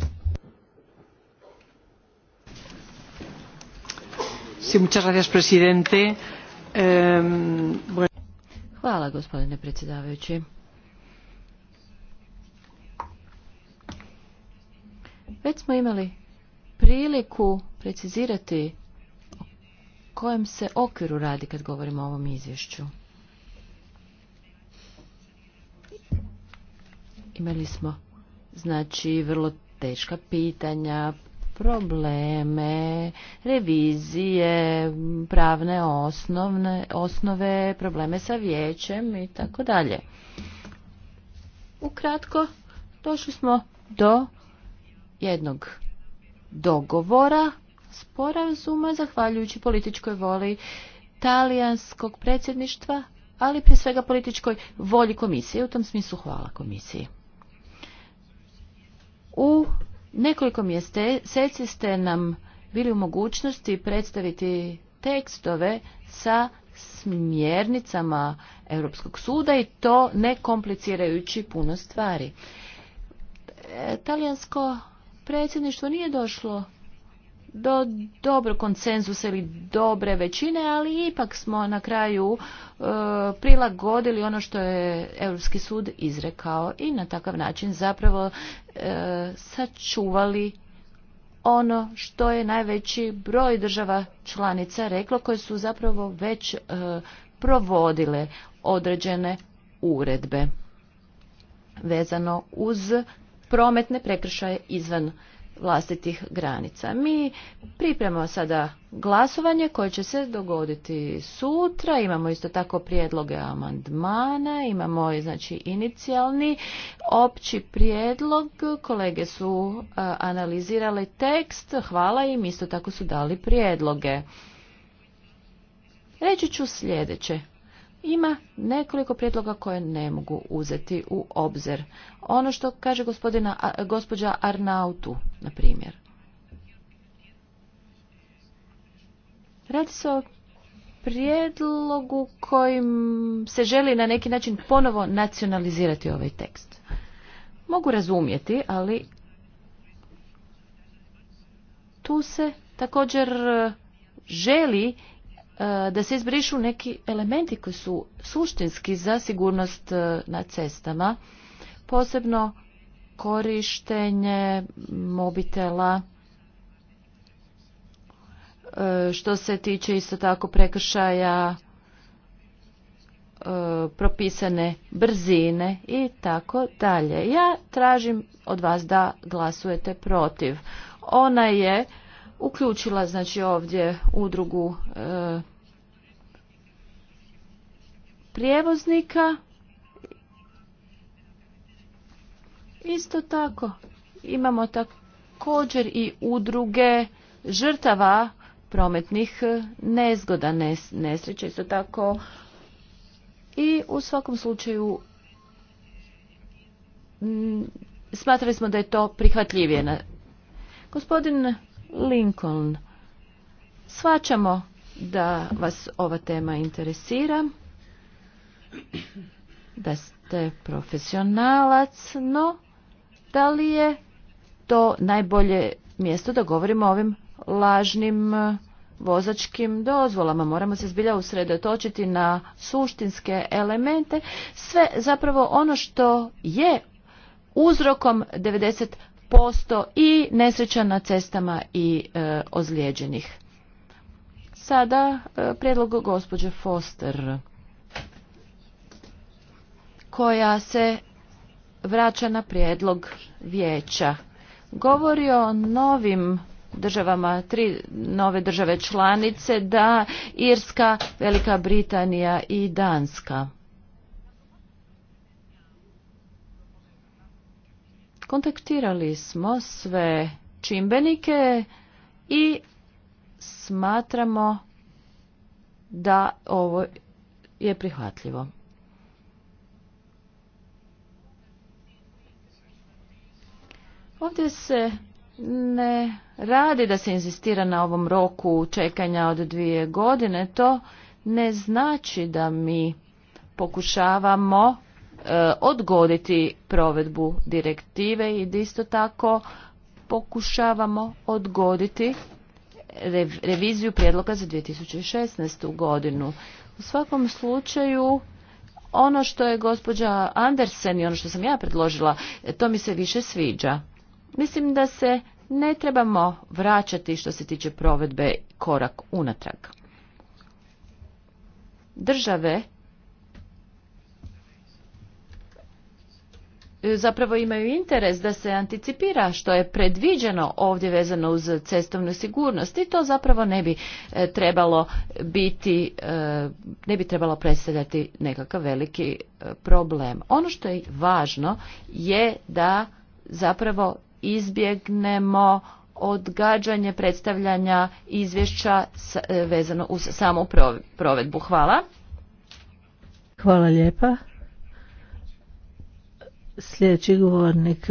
Hvala gospodine predsjedavajući. Već smo imali priliku precizirati o kojem se okviru radi kad govorimo o ovom izvješću. Imali smo znači vrlo teška pitanja, probleme, revizije, pravne osnovne, osnove, probleme sa vijećem i tako dalje. Ukratko, došli smo do jednog dogovora, sporazuma, zahvaljujući političkoj voli talijanskog predsjedništva, ali prije svega političkoj volji komisije. U tom smislu hvala komisiji. U nekoliko mjeseci ste nam bili u mogućnosti predstaviti tekstove sa smjernicama Europskog suda i to ne komplicirajući puno stvari. E, talijansko predsjedništvo nije došlo do dobro konsenzusa ili dobre većine, ali ipak smo na kraju e, prilagodili ono što je Europski sud izrekao i na takav način zapravo e, sačuvali ono što je najveći broj država članica reklo koje su zapravo već e, provodile određene uredbe vezano uz prometne prekršaje izvan vlastitih granica. Mi pripremamo sada glasovanje koje će se dogoditi sutra. Imamo isto tako prijedloge amandmana, imamo znači inicijalni opći prijedlog. Kolege su a, analizirali tekst, hvala im, isto tako su dali prijedloge. Reći ću sljedeće. Ima nekoliko prijedloga koje ne mogu uzeti u obzir. Ono što kaže gospodina, gospođa Arnautu, na primjer. Radi se o prijedlogu kojim se želi na neki način ponovo nacionalizirati ovaj tekst. Mogu razumjeti, ali tu se također e, želi E, da se izbrišu neki elementi koji su suštinski za sigurnost e, na cestama, posebno korištenje mobitela, e, što se tiče isto tako prekršaja propisane brzine i tako dalje. Ja tražim od vas da glasujete protiv. Ona je uključila znači ovdje udrugu e, prijevoznika. Isto tako imamo također i udruge žrtava prometnih e, nezgoda, nesreće. isto tako. I u svakom slučaju smatrali smo da je to prihvatljivije. Gospodin Lincoln. Svaćamo da vas ova tema interesira, da ste profesionalac, no da li je to najbolje mjesto da govorimo o ovim lažnim e, vozačkim dozvolama. Moramo se zbilja usredotočiti na suštinske elemente. Sve zapravo ono što je uzrokom 90 posto i nesreća na cestama i e, ozlijeđenih. Sada e, prijedlog gospođe Foster koja se vraća na prijedlog vijeća. Govori o novim državama, tri nove države članice da Irska, Velika Britanija i Danska. Kontaktirali smo sve čimbenike i smatramo da ovo je prihvatljivo. Ovdje se ne radi da se inzistira na ovom roku čekanja od dvije godine. To ne znači da mi pokušavamo Eh, odgoditi provedbu direktive i isto tako pokušavamo odgoditi reviziju prijedloga za 2016. godinu. U svakom slučaju ono što je gospođa Andersen i ono što sam ja predložila, eh, to mi se više sviđa. Mislim da se ne trebamo vraćati što se tiče provedbe korak unatrag. Države zapravo imaju interes da se anticipira što je predviđeno ovdje vezano uz cestovnu sigurnost i to zapravo ne bi e, trebalo biti, e, ne bi trebalo predstavljati nekakav veliki e, problem. Ono što je važno je da zapravo izbjegnemo odgađanje predstavljanja izvješća vezano uz samu provedbu. Hvala. Hvala lijepa. Sljedeći govornik.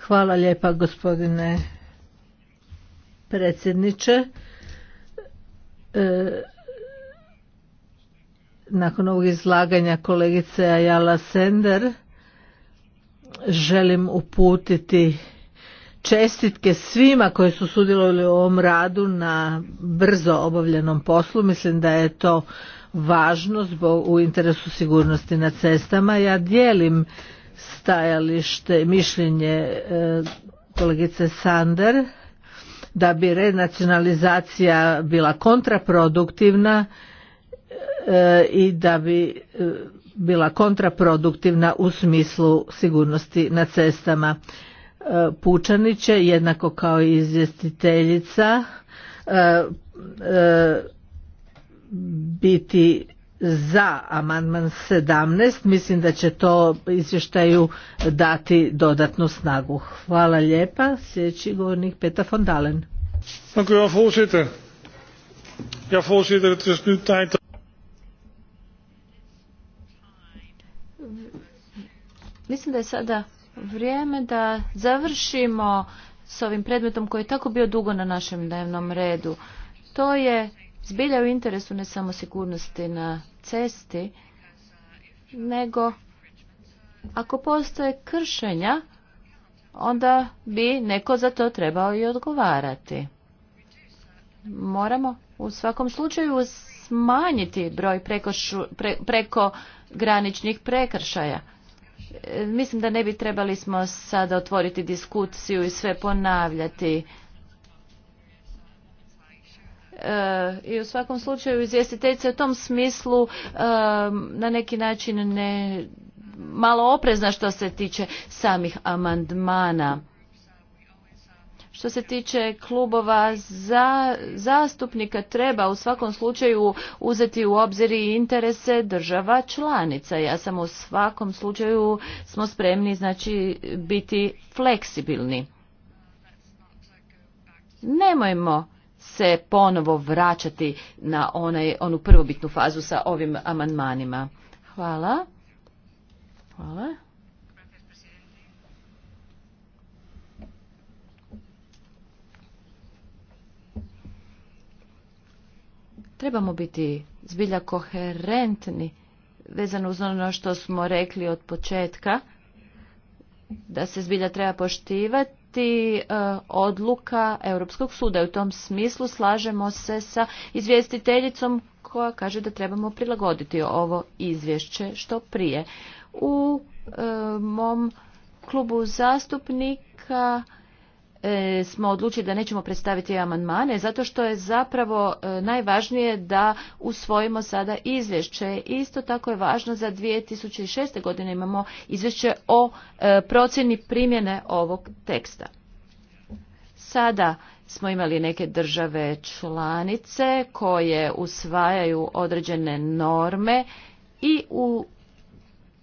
Hvala lijepa gospodine predsjedniče. E, nakon ovog izlaganja kolegice jala Sender želim uputiti čestitke svima koji su sudjelovali u ovom radu na brzo obavljenom poslu. Mislim da je to važno zbog u interesu sigurnosti na cestama. Ja dijelim stajalište i mišljenje e, kolegice Sander da bi renacionalizacija bila kontraproduktivna e, i da bi e, bila kontraproduktivna u smislu sigurnosti na cestama. Pučani jednako kao i izvjestiteljica biti za amandman 17. Mislim da će to izvještaju dati dodatnu snagu. Hvala lijepa. Sljedeći govornik Peta von Mislim da je sada vrijeme da završimo s ovim predmetom koji je tako bio dugo na našem dnevnom redu. To je zbilja u interesu ne samo sigurnosti na cesti, nego ako postoje kršenja, onda bi neko za to trebao i odgovarati. Moramo u svakom slučaju smanjiti broj preko, preko graničnih prekršaja. E, mislim da ne bi trebali smo sada otvoriti diskusiju i sve ponavljati i u svakom slučaju izvjestiteljica u tom smislu e, na neki način ne malo oprezna što se tiče samih amandmana. Što se tiče klubova za zastupnika treba u svakom slučaju uzeti u obzir i interese država članica. Ja sam u svakom slučaju smo spremni znači biti fleksibilni. Nemojmo se ponovo vraćati na onaj, onu prvobitnu fazu sa ovim amandmanima. Hvala. Hvala. Trebamo biti zbilja koherentni vezano uz ono što smo rekli od početka da se zbilja treba poštivati biti e, odluka Europskog suda. U tom smislu slažemo se sa izvjestiteljicom koja kaže da trebamo prilagoditi ovo izvješće što prije. U e, mom klubu zastupnika E, smo odlučili da nećemo predstaviti amandmane zato što je zapravo e, najvažnije da usvojimo sada izvješće. Isto tako je važno za 2006. godine imamo izvješće o e, procjeni primjene ovog teksta. Sada smo imali neke države članice koje usvajaju određene norme i u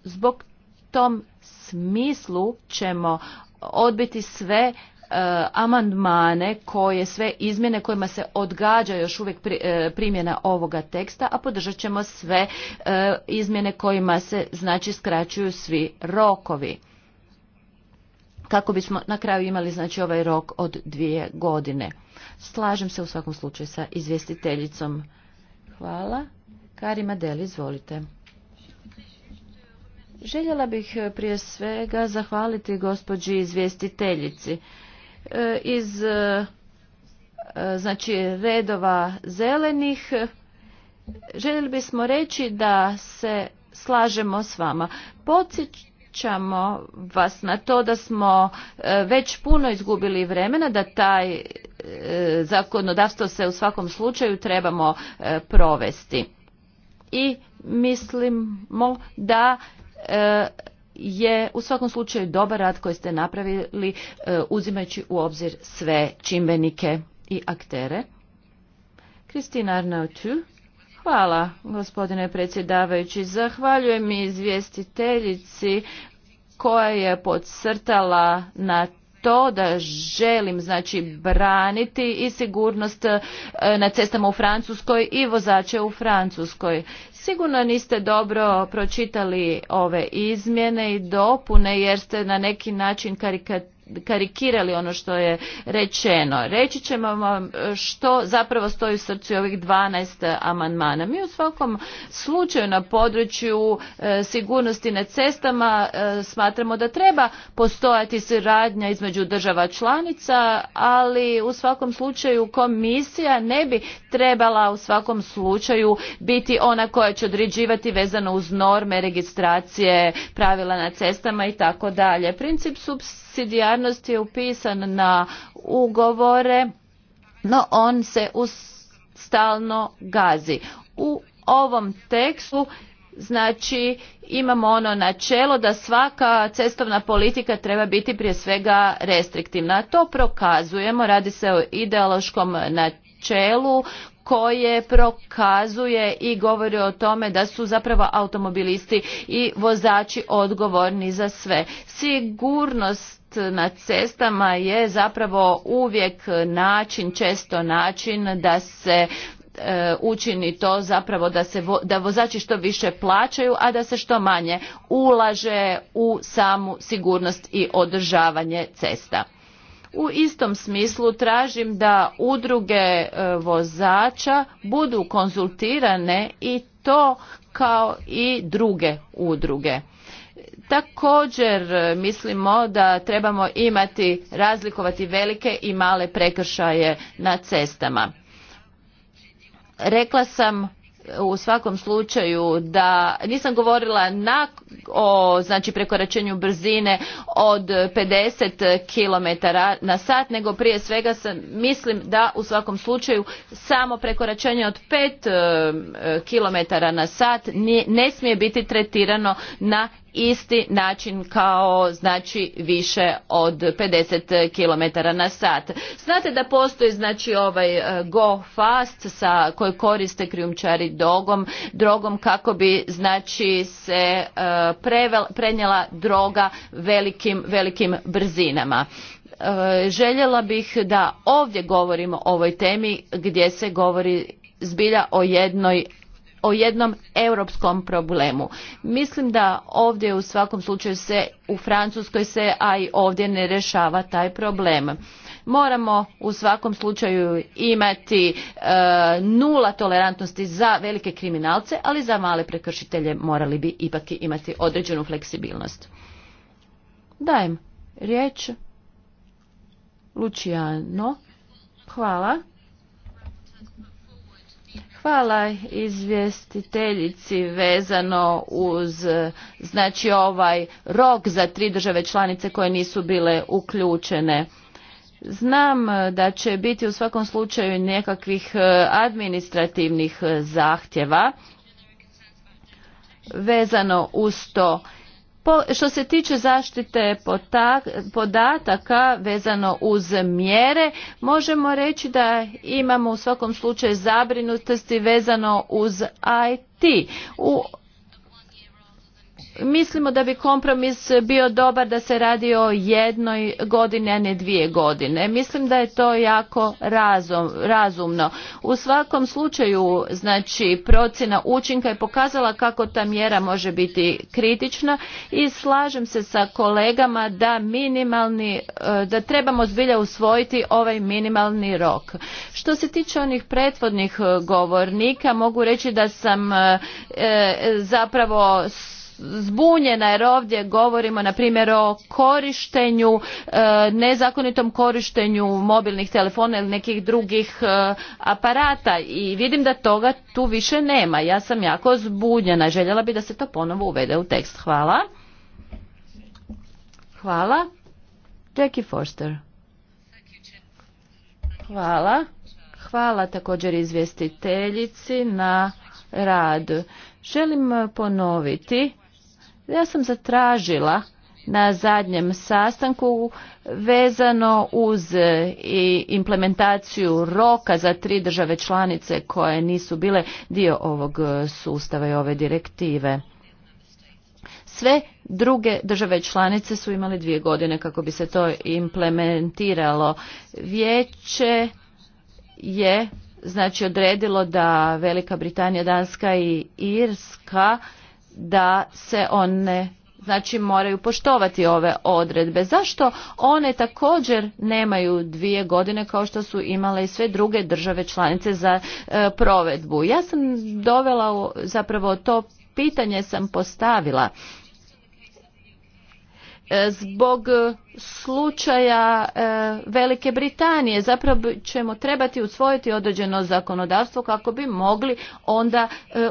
zbog tom smislu ćemo odbiti sve E, amandmane koje sve izmjene kojima se odgađa još uvijek e, primjena ovoga teksta, a podržat ćemo sve e, izmjene kojima se znači skraćuju svi rokovi kako bismo na kraju imali znači ovaj rok od dvije godine. Slažem se u svakom slučaju sa izvjestiteljicom. Hvala. Karima Deli, izvolite. Željela bih prije svega zahvaliti gospođi izvjestiteljici. E, iz e, znači redova zelenih željeli bismo reći da se slažemo s vama. Podsjećamo vas na to da smo e, već puno izgubili vremena da taj zakonodavstvo se u svakom slučaju trebamo provesti. I mislimo da je u svakom slučaju dobar rad koji ste napravili e, uzimajući u obzir sve čimbenike i aktere. Kristina Arnautu. Hvala, gospodine predsjedavajući. Zahvaljujem i izvjestiteljici koja je podcrtala na to da želim znači braniti i sigurnost e, na cestama u Francuskoj i vozače u Francuskoj. Sigurno niste dobro pročitali ove izmjene i dopune jer ste na neki način karikatirali karikirali ono što je rečeno. Reći ćemo vam e, što zapravo stoji u srcu ovih 12 amandmana. Mi u svakom slučaju na području e, sigurnosti na cestama e, smatramo da treba postojati suradnja između država članica, ali u svakom slučaju komisija ne bi trebala u svakom slučaju biti ona koja će određivati vezano uz norme registracije, pravila na cestama i tako dalje. Princip subs subsidijarnost je upisan na ugovore, no on se stalno gazi. U ovom tekstu znači imamo ono načelo da svaka cestovna politika treba biti prije svega restriktivna. To prokazujemo, radi se o ideološkom načelu koje prokazuje i govori o tome da su zapravo automobilisti i vozači odgovorni za sve. Sigurnost na cestama je zapravo uvijek način, često način da se e, učini to zapravo da se da vozači što više plaćaju, a da se što manje ulaže u samu sigurnost i održavanje cesta. U istom smislu tražim da udruge e, vozača budu konzultirane i to kao i druge udruge. Također e, mislimo da trebamo imati razlikovati velike i male prekršaje na cestama. Rekla sam u svakom slučaju da nisam govorila na o znači prekoračenju brzine od 50 km na sat, nego prije svega sam, mislim da u svakom slučaju samo prekoračenje od 5 e, km na sat ne, smije biti tretirano na isti način kao znači više od 50 km na sat. Znate da postoji znači ovaj e, go fast sa koji koriste krijumčari dogom, drogom kako bi znači se e, prevel, prenijela droga velikim, velikim brzinama e, željela bih da ovdje govorimo o ovoj temi gdje se govori zbilja o jednoj o jednom europskom problemu. Mislim da ovdje u svakom slučaju se u Francuskoj se, a i ovdje ne rješava taj problem. Moramo u svakom slučaju imati e, nula tolerantnosti za velike kriminalce, ali za male prekršitelje morali bi ipak imati određenu fleksibilnost. Dajem riječ Lucijano. Hvala. Hvala izvjestiteljici vezano uz znači ovaj rok za tri države članice koje nisu bile uključene. Znam da će biti u svakom slučaju nekakvih e, administrativnih e, zahtjeva vezano uz to što se tiče zaštite podataka vezano uz mjere, možemo reći da imamo u svakom slučaju zabrinutosti vezano uz IT. U Mislimo da bi kompromis bio dobar da se radi o jednoj godini, a ne dvije godine. Mislim da je to jako razumno. U svakom slučaju, znači, procjena učinka je pokazala kako ta mjera može biti kritična i slažem se sa kolegama da minimalni, e, da trebamo zbilja usvojiti ovaj minimalni rok. Što se tiče onih pretvodnih e, govornika, mogu reći da sam e, zapravo zbunjena jer ovdje govorimo na primjer o korištenju e, nezakonitom korištenju mobilnih telefona ili nekih drugih e, aparata i vidim da toga tu više nema ja sam jako zbunjena željela bi da se to ponovo uvede u tekst hvala hvala Jackie Forster hvala hvala također izvjestiteljici na rad Želim ponoviti ja sam zatražila na zadnjem sastanku vezano uz e, implementaciju roka za tri države članice koje nisu bile dio ovog e, sustava i ove direktive. Sve druge države članice su imale dvije godine kako bi se to implementiralo. Vijeće je znači odredilo da Velika Britanija, Danska i Irska da se one znači moraju poštovati ove odredbe. Zašto one također nemaju dvije godine kao što su imale i sve druge države članice za e, provedbu? Ja sam dovela u, zapravo to pitanje sam postavila E, zbog e, slučaja e, Velike Britanije. Zapravo ćemo trebati usvojiti određeno zakonodavstvo kako bi mogli onda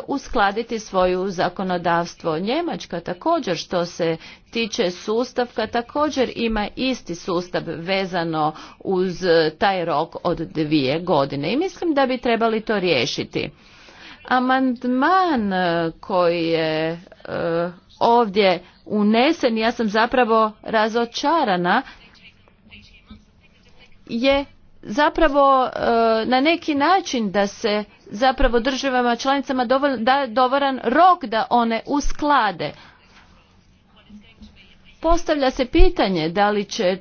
uskladiti svoju zakonodavstvo. Njemačka također što se tiče sustavka također ima isti sustav vezano uz taj rok od dvije godine i mislim da bi trebali to riješiti. Amandman koji je ovdje unesen, ja sam zapravo razočarana, je zapravo e, na neki način da se zapravo državama članicama da dovoran rok da one usklade. Postavlja se pitanje da li će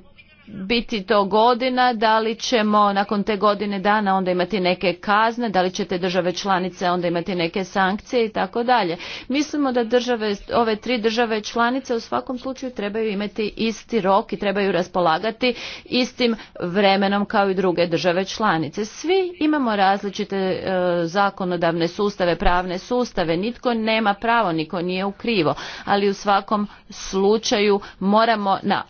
biti to godina, da li ćemo nakon te godine dana onda imati neke kazne, da li će te države članice onda imati neke sankcije i tako dalje. Mislimo da države, ove tri države članice u svakom slučaju trebaju imati isti rok i trebaju raspolagati istim vremenom kao i druge države članice. Svi imamo različite e, zakonodavne sustave, pravne sustave, nitko nema pravo, niko nije u krivo, ali u svakom slučaju moramo na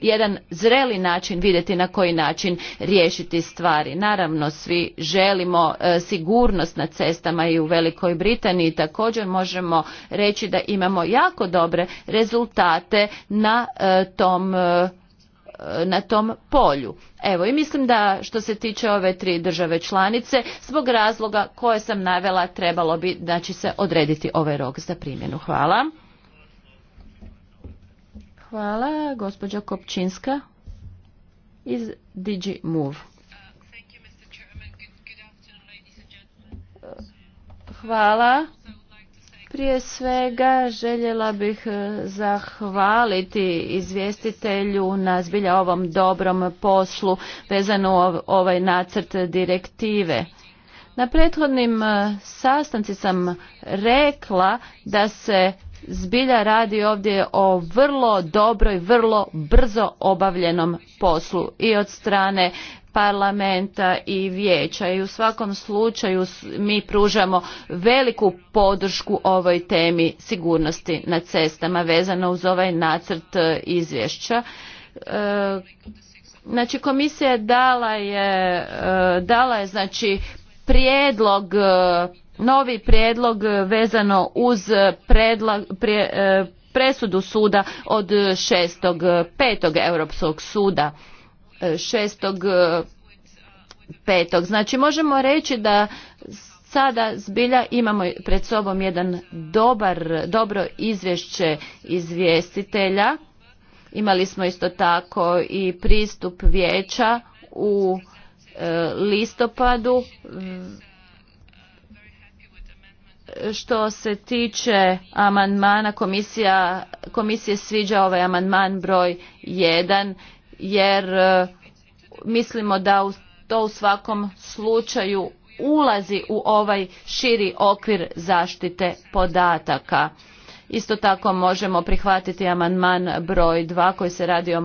jedan zreli način vidjeti na koji način riješiti stvari. Naravno, svi želimo e, sigurnost na cestama i u Velikoj Britaniji također možemo reći da imamo jako dobre rezultate na e, tom e, na tom polju. Evo i mislim da što se tiče ove tri države članice, zbog razloga koje sam navela trebalo bi znači se odrediti ovaj rok za primjenu. Hvala. Hvala, gospođo Kopčinska iz DigiMove. Hvala. Prije svega željela bih e, zahvaliti izvjestitelju na zbilja ovom dobrom poslu vezano ovaj nacrt direktive. Na prethodnim e, sastanci sam rekla da se zbilja radi ovdje o vrlo dobroj, vrlo brzo obavljenom poslu i od strane parlamenta i vijeća i u svakom slučaju mi pružamo veliku podršku ovoj temi sigurnosti na cestama vezano uz ovaj nacrt e, izvješća. E, znači komisija dala je, e, dala je znači prijedlog novi prijedlog e, vezano uz e, e, presudu suda od šestpet Europskog suda 6. petog. Znači možemo reći da sada zbilja imamo pred sobom jedan dobar, dobro izvješće izvjestitelja. Imali smo isto tako i pristup vijeća u listopadu što se tiče amandmana komisija, komisije sviđa ovaj amandman broj 1 jer e, mislimo da to u svakom slučaju ulazi u ovaj širi okvir zaštite podataka. Isto tako možemo prihvatiti amandman broj 2 koji se radi o,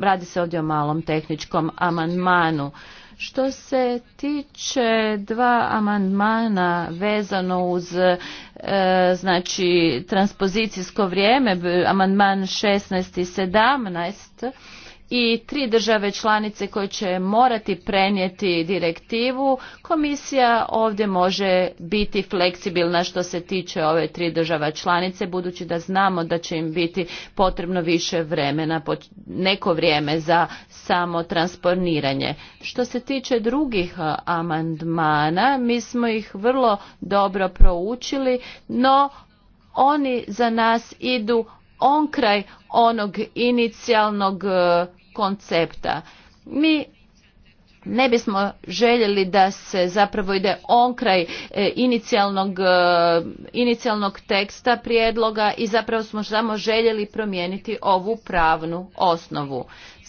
radi se ovdje o malom tehničkom amandmanu. Što se tiče dva amandmana vezano uz e, znači transpozicijsko vrijeme, amandman 16 i 17 i tri države članice koje će morati prenijeti direktivu, komisija ovdje može biti fleksibilna što se tiče ove tri država članice, budući da znamo da će im biti potrebno više vremena, neko vrijeme za samo transponiranje. Što se tiče drugih amandmana, mi smo ih vrlo dobro proučili, no oni za nas idu on kraj onog inicijalnog e, koncepta. Mi ne bismo željeli da se zapravo ide on kraj e, inicijalnog, e, inicijalnog teksta prijedloga i zapravo smo samo željeli promijeniti ovu pravnu osnovu.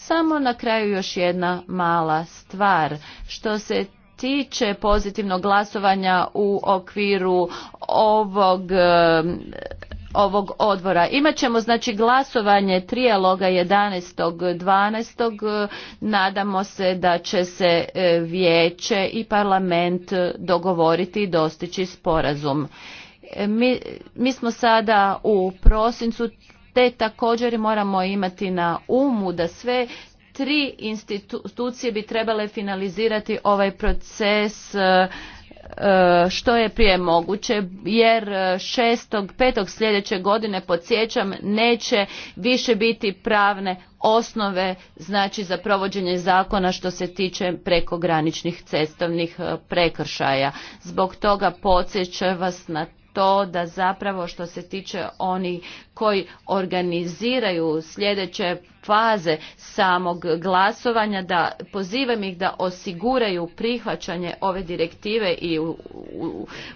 Samo na kraju još jedna mala stvar. Što se tiče pozitivnog glasovanja u okviru ovog ovog odbora. Imaćemo znači glasovanje trijaloga 12. Nadamo se da će se e, vijeće i parlament dogovoriti i dostići sporazum. E, mi, mi smo sada u prosincu te također moramo imati na umu da sve tri institucije bi trebale finalizirati ovaj proces e, e, što je prije moguće jer petog sljedeće godine podsjećam neće više biti pravne osnove znači za provođenje zakona što se tiče prekograničnih cestovnih e, prekršaja. Zbog toga podsjećam vas na to da zapravo što se tiče oni koji organiziraju sljedeće faze samog glasovanja da pozivam ih da osiguraju prihvaćanje ove direktive i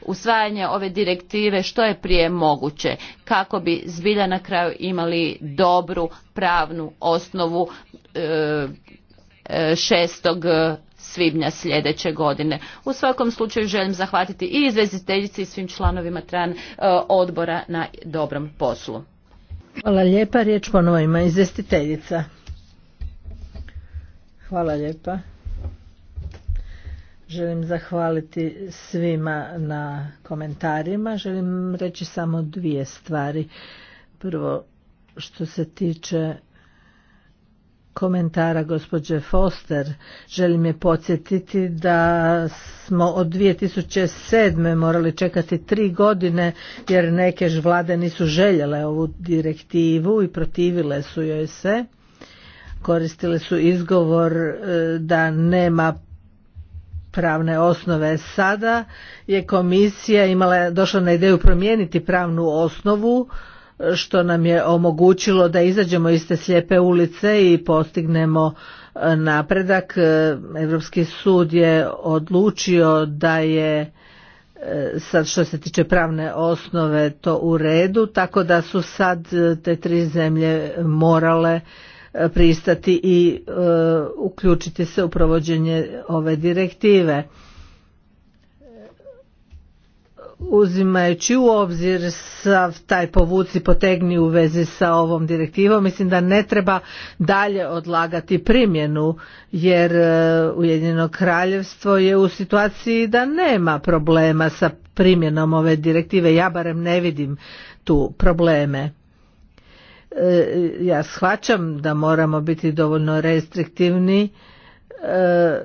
usvajanje ove direktive što je prije moguće kako bi zbilja na kraju imali dobru pravnu osnovu 6. E, e, svibnja sljedeće godine. U svakom slučaju želim zahvatiti i izvjestiteljici i svim članovima tran e, odbora na dobrom poslu. Hvala lijepa, riječ ponovo ima izvjestiteljica. Hvala lijepa. Želim zahvaliti svima na komentarima. Želim reći samo dvije stvari. Prvo, što se tiče komentara gospođe Foster želim je podsjetiti da smo od 2007. morali čekati tri godine jer neke vlade nisu željele ovu direktivu i protivile su joj se. Koristile su izgovor e, da nema pravne osnove sada je komisija imala, došla na ideju promijeniti pravnu osnovu što nam je omogućilo da izađemo iz te slijepe ulice i postignemo e, napredak. Europski sud je odlučio da je e, sad što se tiče pravne osnove to u redu, tako da su sad e, te tri zemlje morale pristati i uključiti se u provođenje ove direktive uzimajući u obzir sav taj povuci potegni u vezi sa ovom direktivom mislim da ne treba dalje odlagati primjenu jer e, Ujedinjeno kraljevstvo je u situaciji da nema problema sa primjenom ove direktive ja barem ne vidim tu probleme e, ja shvaćam da moramo biti dovoljno restriktivni e,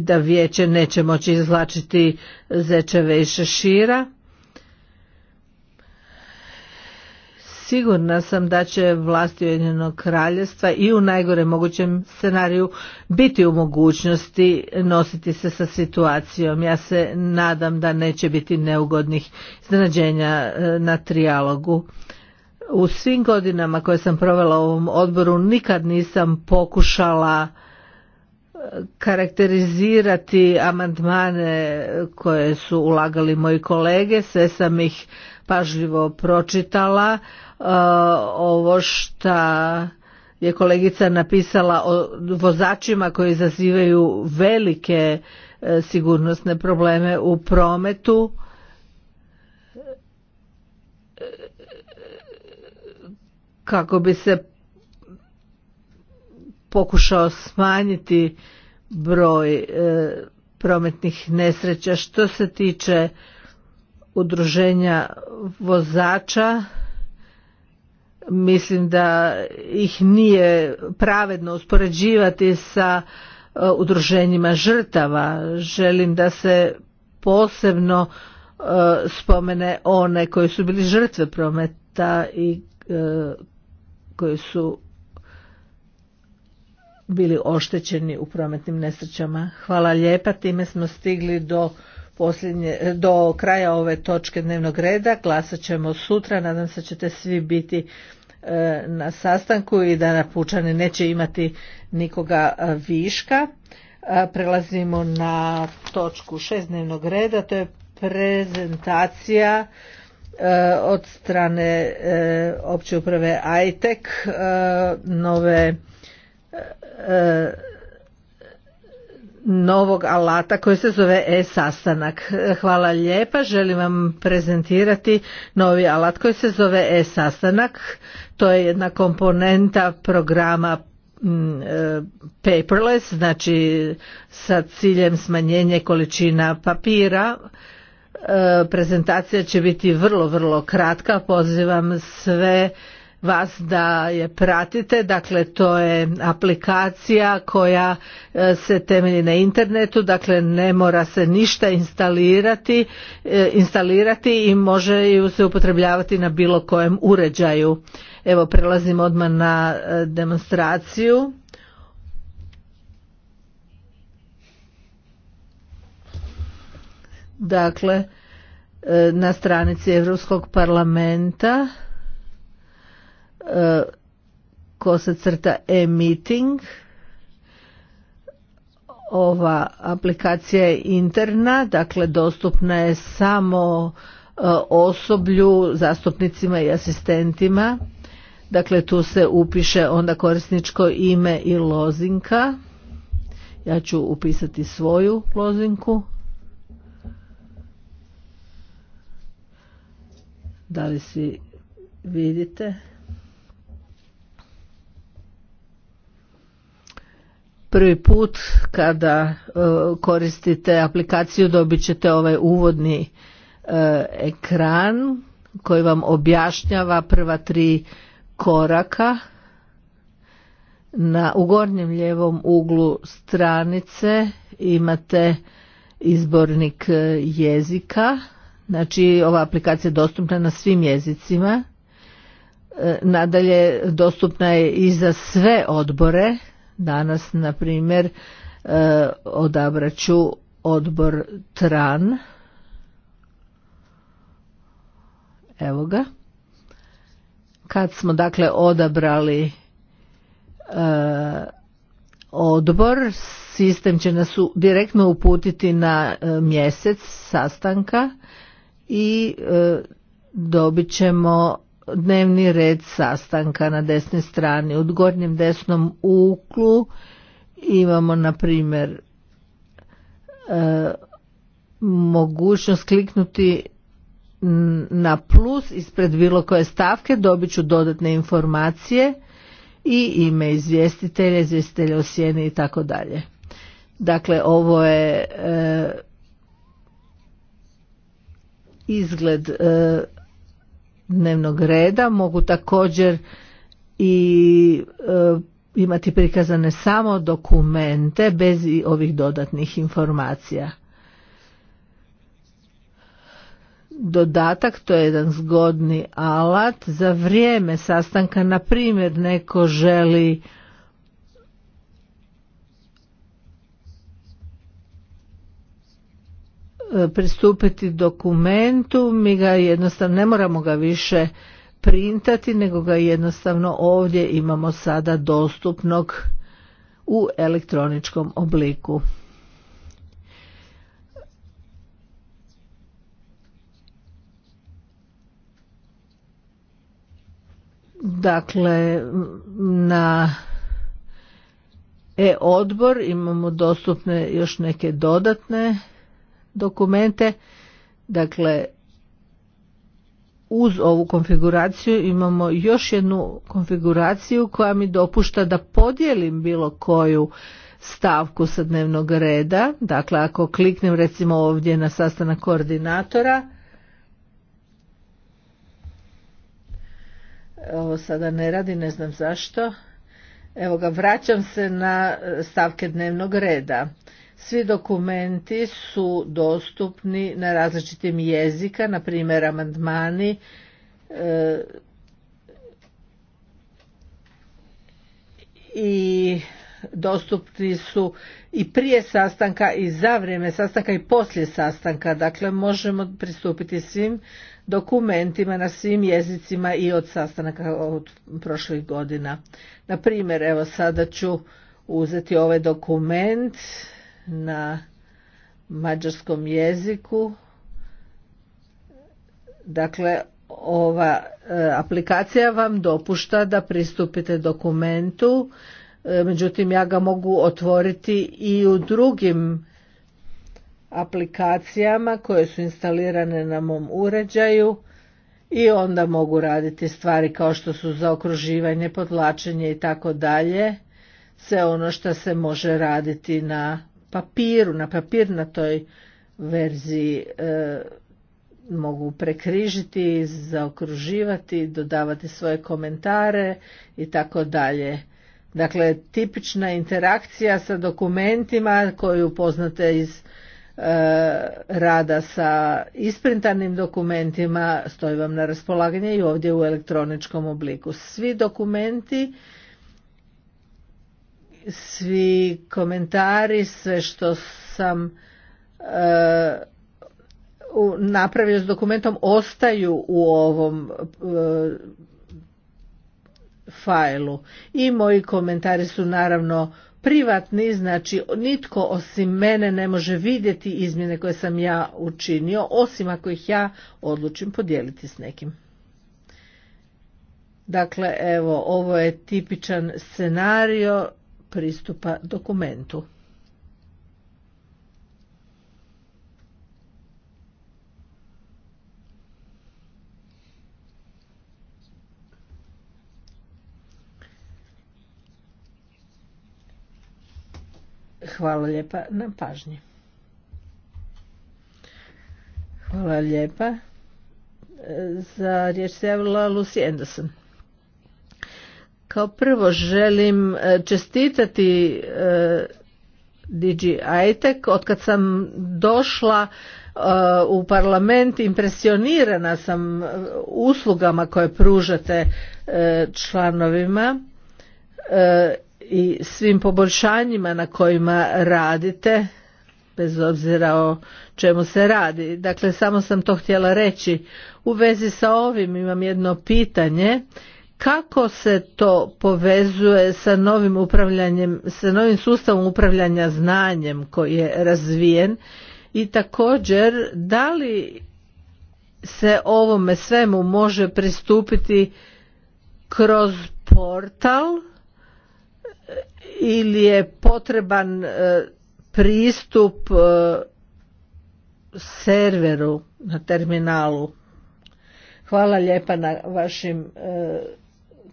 da vijeće neće moći izvlačiti zečeve i šešira. Sigurna sam da će vlasti Ujedinjenog kraljestva i u najgore mogućem scenariju biti u mogućnosti nositi se sa situacijom. Ja se nadam da neće biti neugodnih iznenađenja e, na trijalogu. U svim godinama koje sam provela u ovom odboru nikad nisam pokušala karakterizirati amandmane koje su ulagali moji kolege, sve sam ih pažljivo pročitala. E, ovo što je kolegica napisala o vozačima koji izazivaju velike e, sigurnosne probleme u prometu. Kako bi se pokušao smanjiti broj e, prometnih nesreća. Što se tiče udruženja vozača, mislim da ih nije pravedno uspoređivati sa e, udruženjima žrtava. Želim da se posebno e, spomene one koji su bili žrtve prometa i koji su bili oštećeni u prometnim nesrećama. Hvala lijepa, time smo stigli do posljednje, do kraja ove točke dnevnog reda. Glasat ćemo sutra, nadam se ćete svi biti e, na sastanku i da pučani neće imati nikoga e, viška. E, prelazimo na točku šest dnevnog reda, to je prezentacija od strane opće uprave ITEC nove novog alata koji se zove e-sastanak. Hvala lijepa, želim vam prezentirati novi alat koji se zove e-sastanak. To je jedna komponenta programa mm, e, paperless, znači sa ciljem smanjenje količina papira. E, prezentacija će biti vrlo, vrlo kratka. Pozivam sve vas da je pratite. Dakle, to je aplikacija koja e, se temelji na internetu, dakle ne mora se ništa instalirati, e, instalirati i može ju se upotrebljavati na bilo kojem uređaju. Evo, prelazim odmah na e, demonstraciju. Dakle, na stranici Europskog parlamenta ko se crta e-meeting. Ova aplikacija je interna, dakle dostupna je samo e, osoblju, zastupnicima i asistentima. Dakle, tu se upiše onda korisničko ime i lozinka. Ja ću upisati svoju lozinku. Da li si vidite? prvi put kada e, koristite aplikaciju dobit ćete ovaj uvodni e, ekran koji vam objašnjava prva tri koraka na u gornjem lijevom uglu stranice imate izbornik e, jezika znači ova aplikacija je dostupna na svim jezicima nadalje dostupna je i za sve odbore Danas, na primjer, e, odabraću odbor TRAN. Evo ga. Kad smo dakle odabrali e, odbor, sistem će nas direktno uputiti na e, mjesec sastanka i dobit ćemo dnevni red sastanka na desnoj strani. U gornjem desnom uklu imamo na primjer e, mogućnost kliknuti na plus ispred bilo koje stavke, dobit ću dodatne informacije i ime izvjestitelja, izvjestitelja u sjeni i tako dalje. Dakle, ovo je e, izgled e, dnevnog reda mogu također i e, imati prikazane samo dokumente bez i ovih dodatnih informacija. Dodatak to je jedan zgodni alat za vrijeme sastanka na primjer neko želi pristupiti dokumentu, mi ga jednostavno ne moramo ga više printati, nego ga jednostavno ovdje imamo sada dostupnog u elektroničkom obliku. Dakle, na e-odbor imamo dostupne još neke dodatne dokumente. Dakle, uz ovu konfiguraciju imamo još jednu konfiguraciju koja mi dopušta da podijelim bilo koju stavku sa dnevnog reda. Dakle, ako kliknem recimo ovdje na sastanak koordinatora, ovo sada ne radi, ne znam zašto. Evo ga, vraćam se na stavke dnevnog reda. Svi dokumenti su dostupni na različitim jezika, na primjer amandmani, e, i dostupni su i prije sastanka i za vrijeme sastanka i poslije sastanka. Dakle, možemo pristupiti svim dokumentima na svim jezicima i od sastanaka od prošlih godina. Na primjer, evo sada ću uzeti ovaj dokument na mađarskom jeziku. Dakle, ova e, aplikacija vam dopušta da pristupite dokumentu, e, međutim ja ga mogu otvoriti i u drugim aplikacijama koje su instalirane na mom uređaju i onda mogu raditi stvari kao što su zaokruživanje, podlačenje i tako dalje, sve ono što se može raditi na papiru, na papirnatoj verziji e, mogu prekrižiti, zaokruživati, dodavati svoje komentare i tako dalje. Dakle, tipična interakcija sa dokumentima koju poznate iz e, rada sa isprintanim dokumentima stoji vam na raspolaganje i ovdje u elektroničkom obliku. Svi dokumenti svi komentari, sve što sam e, napravio s dokumentom ostaju u ovom e, fajlu. I moji komentari su naravno privatni, znači nitko osim mene ne može vidjeti izmjene koje sam ja učinio, osim ako ih ja odlučim podijeliti s nekim. Dakle, evo, ovo je tipičan scenario pristupa dokumentu. Hvala lijepa na pažnji. Hvala lijepa. E, za riječ se javila Lucy Anderson. Kao prvo želim e, čestitati e, DG ITEC. Otkad sam došla e, u parlament impresionirana sam uslugama koje pružate članovima i svim poboljšanjima na kojima radite bez obzira o čemu se radi. Dakle, samo sam to htjela reći. U vezi sa ovim imam jedno pitanje kako se to povezuje sa novim upravljanjem, sa novim sustavom upravljanja znanjem koji je razvijen i također da li se ovome svemu može pristupiti kroz portal ili je potreban e, pristup e, serveru na terminalu. Hvala lijepa na vašim e,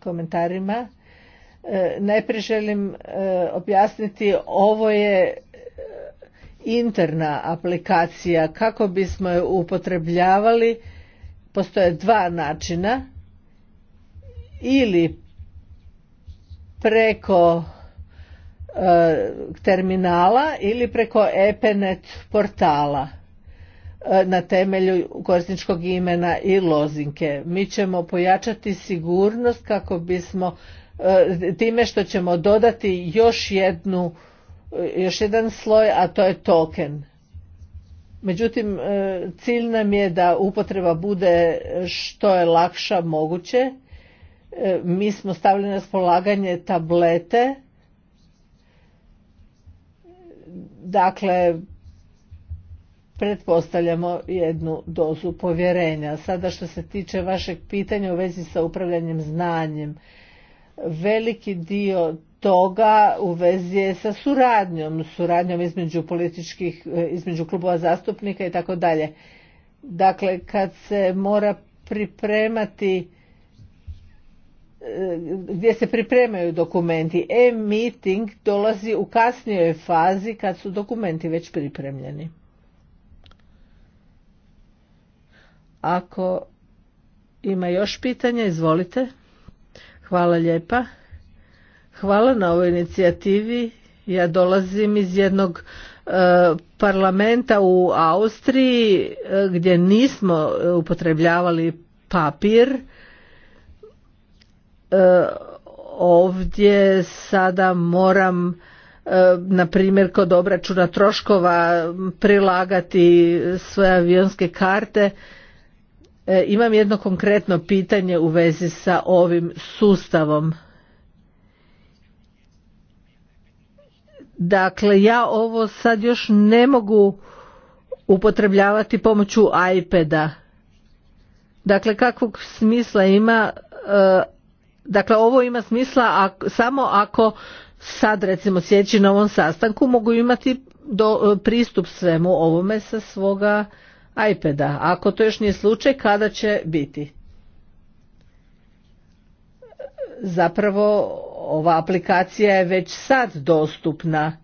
komentarima. E, najprije želim e, objasniti, ovo je e, interna aplikacija. Kako bismo je upotrebljavali, postoje dva načina. Ili preko terminala ili preko Epenet portala. E, na temelju korisničkog imena i lozinke. Mi ćemo pojačati sigurnost kako bismo e, time što ćemo dodati još jednu e, još jedan sloj, a to je token. Međutim, cilj nam je da upotreba bude što je lakša moguće. Mi smo stavili na raspolaganje tablete, dakle pretpostavljamo jednu dozu povjerenja. Sada što se tiče vašeg pitanja u vezi sa upravljanjem znanjem, veliki dio toga u vezi je sa suradnjom, suradnjom između političkih, eh, između klubova zastupnika i tako dalje. Dakle, kad se mora pripremati eh, gdje se pripremaju dokumenti. E-meeting dolazi u kasnijoj fazi kad su dokumenti već pripremljeni. Ako ima još pitanja, izvolite. Hvala lijepa. Hvala na ovoj inicijativi. Ja dolazim iz jednog e, parlamenta u Austriji e, gdje nismo e, upotrebljavali papir. ovdje sada moram na primjer kod obračuna troškova prilagati svoje avionske karte E, imam jedno konkretno pitanje u vezi sa ovim sustavom. Dakle, ja ovo sad još ne mogu upotrebljavati pomoću iPada. Dakle, kakvog smisla ima, e, dakle, ovo ima smisla samo ako sad recimo sjeći na ovom sastanku mogu imati do, e, pristup svemu ovome sa svoga iPada. Ako to još nije slučaj, kada će biti? Zapravo ova aplikacija je već sad dostupna.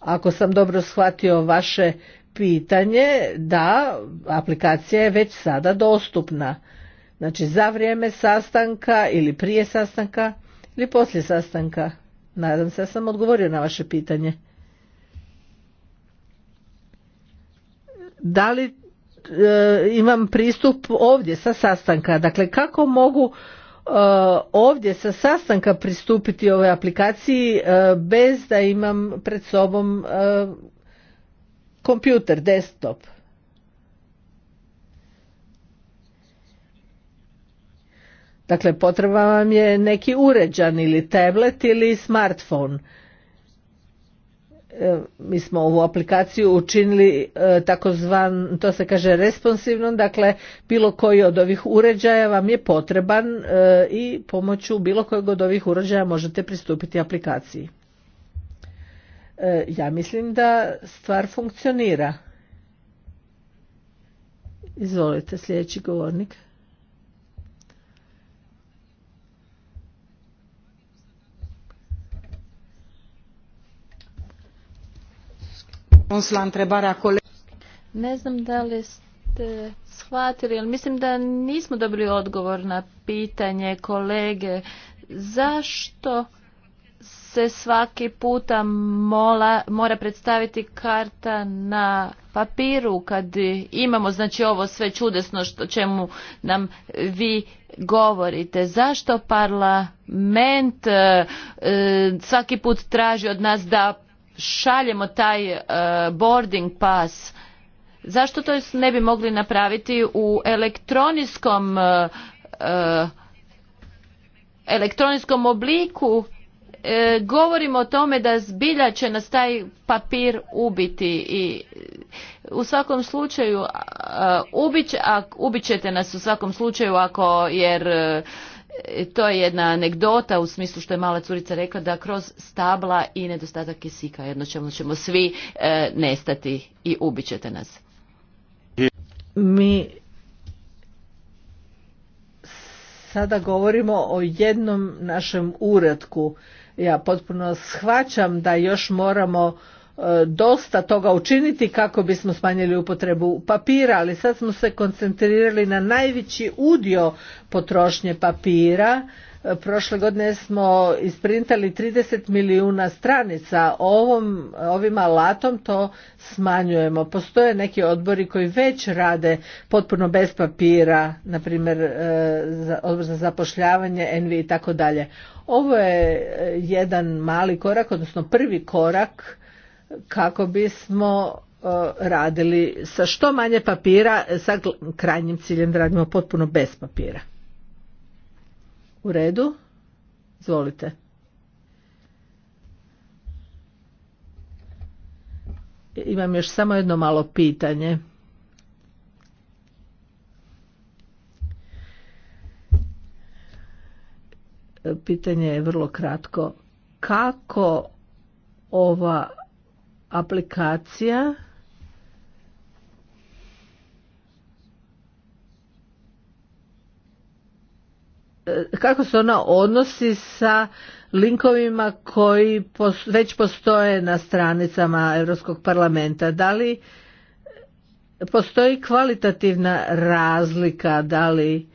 Ako sam dobro shvatio vaše pitanje, da, aplikacija je već sada dostupna. Znači za vrijeme sastanka ili prije sastanka ili poslije sastanka. Nadam se ja sam odgovorio na vaše pitanje. Da li E, imam pristup ovdje sa sastanka. Dakle, kako mogu e, ovdje sa sastanka pristupiti ovoj aplikaciji e, bez da imam pred sobom kompjuter, desktop. Dakle, potreba vam je neki uređan ili tablet ili smartphone. E, mi smo ovu aplikaciju učinili e, takozvan, to se kaže responsivnom, dakle bilo koji od ovih uređaja vam je potreban e, i pomoću bilo kojeg od ovih uređaja možete pristupiti aplikaciji. Ja mislim da stvar funkcionira. Izvolite sljedeći govornik. Ne znam da li ste shvatili, ali mislim da nismo dobili odgovor na pitanje kolege zašto se svaki puta mora predstaviti karta na papiru kad imamo znači ovo sve čudesno što čemu nam vi govorite zašto parlament eh, svaki put traži od nas da šaljemo taj e, boarding pass zašto to ne bi mogli napraviti u elektroniskom e, e, elektroniskom obliku govorimo o tome da zbilja će nas taj papir ubiti i u svakom slučaju ubit, ubit ćete nas u svakom slučaju ako jer to je jedna anegdota u smislu što je mala curica rekla da kroz stabla i nedostatak kisika jedno ćemo, ćemo svi e, nestati i ubit nas. Mi sada govorimo o jednom našem uratku. Ja potpuno shvaćam da još moramo E, dosta toga učiniti kako bismo smanjili upotrebu papira, ali sad smo se koncentrirali na najveći udio potrošnje papira. E, prošle godine smo isprintali 30 milijuna stranica, ovom, ovim alatom to smanjujemo. Postoje neki odbori koji već rade potpuno bez papira, na primjer e, odbor za zapošljavanje, NV i tako dalje. Ovo je jedan mali korak, odnosno prvi korak kako bismo e, radili sa što manje papira sa krajnjim ciljem da radimo potpuno bez papira. U redu? Izvolite. Imam još samo jedno malo pitanje. Pitanje je vrlo kratko. Kako ova aplikacija e, kako se ona odnosi sa linkovima koji već postoje na stranicama Europskog parlamenta. Da li postoji kvalitativna razlika, da li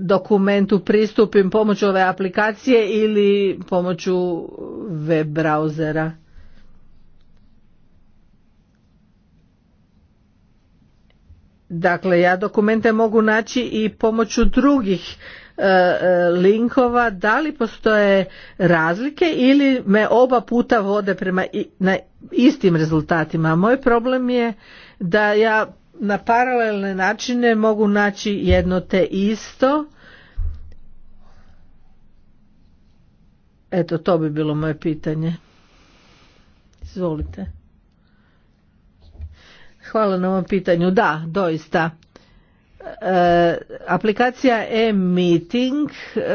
dokumentu pristupim pomoću ove aplikacije ili pomoću web brauzera. Dakle, ja dokumente mogu naći i pomoću drugih e, e, linkova, da li postoje razlike ili me oba puta vode prema istim rezultatima. Moj problem je da ja na paralelne načine mogu naći jedno te isto. Eto, to bi bilo moje pitanje. Izvolite. Hvala na ovom pitanju. Da, doista. E, aplikacija e-meeting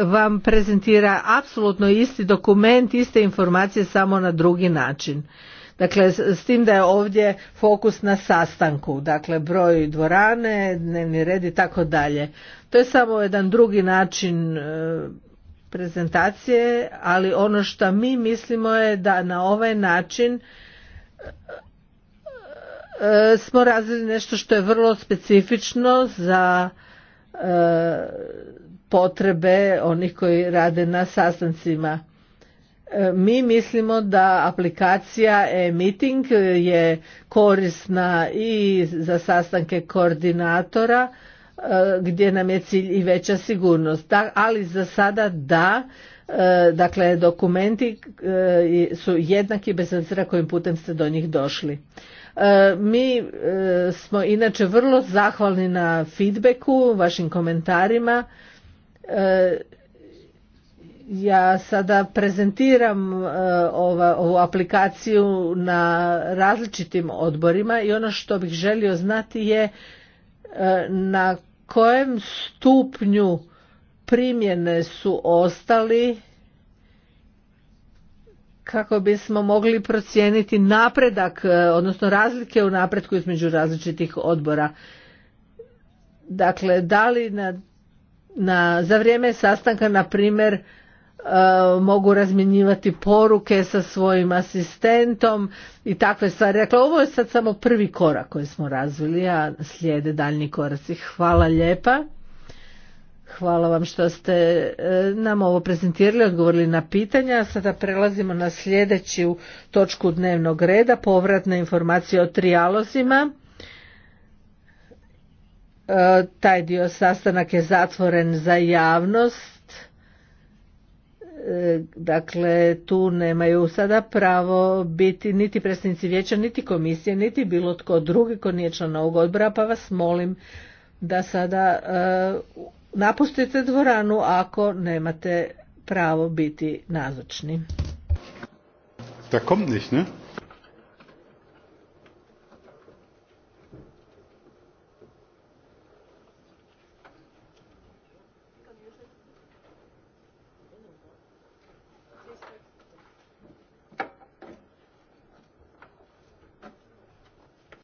vam prezentira apsolutno isti dokument, iste informacije samo na drugi način. Dakle, s tim da je ovdje fokus na sastanku, dakle broj dvorane, dnevni red i tako dalje. To je samo jedan drugi način e, prezentacije, ali ono što mi mislimo je da na ovaj način e, e, smo razvili nešto što je vrlo specifično za potrebe onih koji rade na sastancima E, mi mislimo da aplikacija e-meeting je korisna i za sastanke koordinatora e, gdje nam je cilj i veća sigurnost. Ali za sada da, e, dakle dokumenti su jednaki bez obzira kojim putem ste do njih došli. Mi smo inače vrlo zahvalni na feedbacku, vašim komentarima ja sada prezentiram e, ovu aplikaciju na različitim odborima i ono što bih želio znati je e, na kojem stupnju primjene su ostali kako bismo mogli procijeniti napredak e, odnosno razlike u napretku između različitih odbora dakle da li na, na za vrijeme sastanka na primjer E, mogu razmjenjivati poruke sa svojim asistentom i takve stvari. Dakle, ovo je sad samo prvi korak koji smo razvili, a slijede daljnji koraci. Hvala lijepa. Hvala vam što ste e, nam ovo prezentirali, odgovorili na pitanja. Sada prelazimo na sljedeću točku dnevnog reda, povratne informacije o trijalozima. E, taj dio sastanak je zatvoren za javnost dakle tu nemaju sada pravo biti niti predsjednici vijeća niti komisije niti bilo tko drugi ko nije član ovog odbora pa vas molim da sada e, napustite dvoranu ako nemate pravo biti nazočni. Da kommt ne?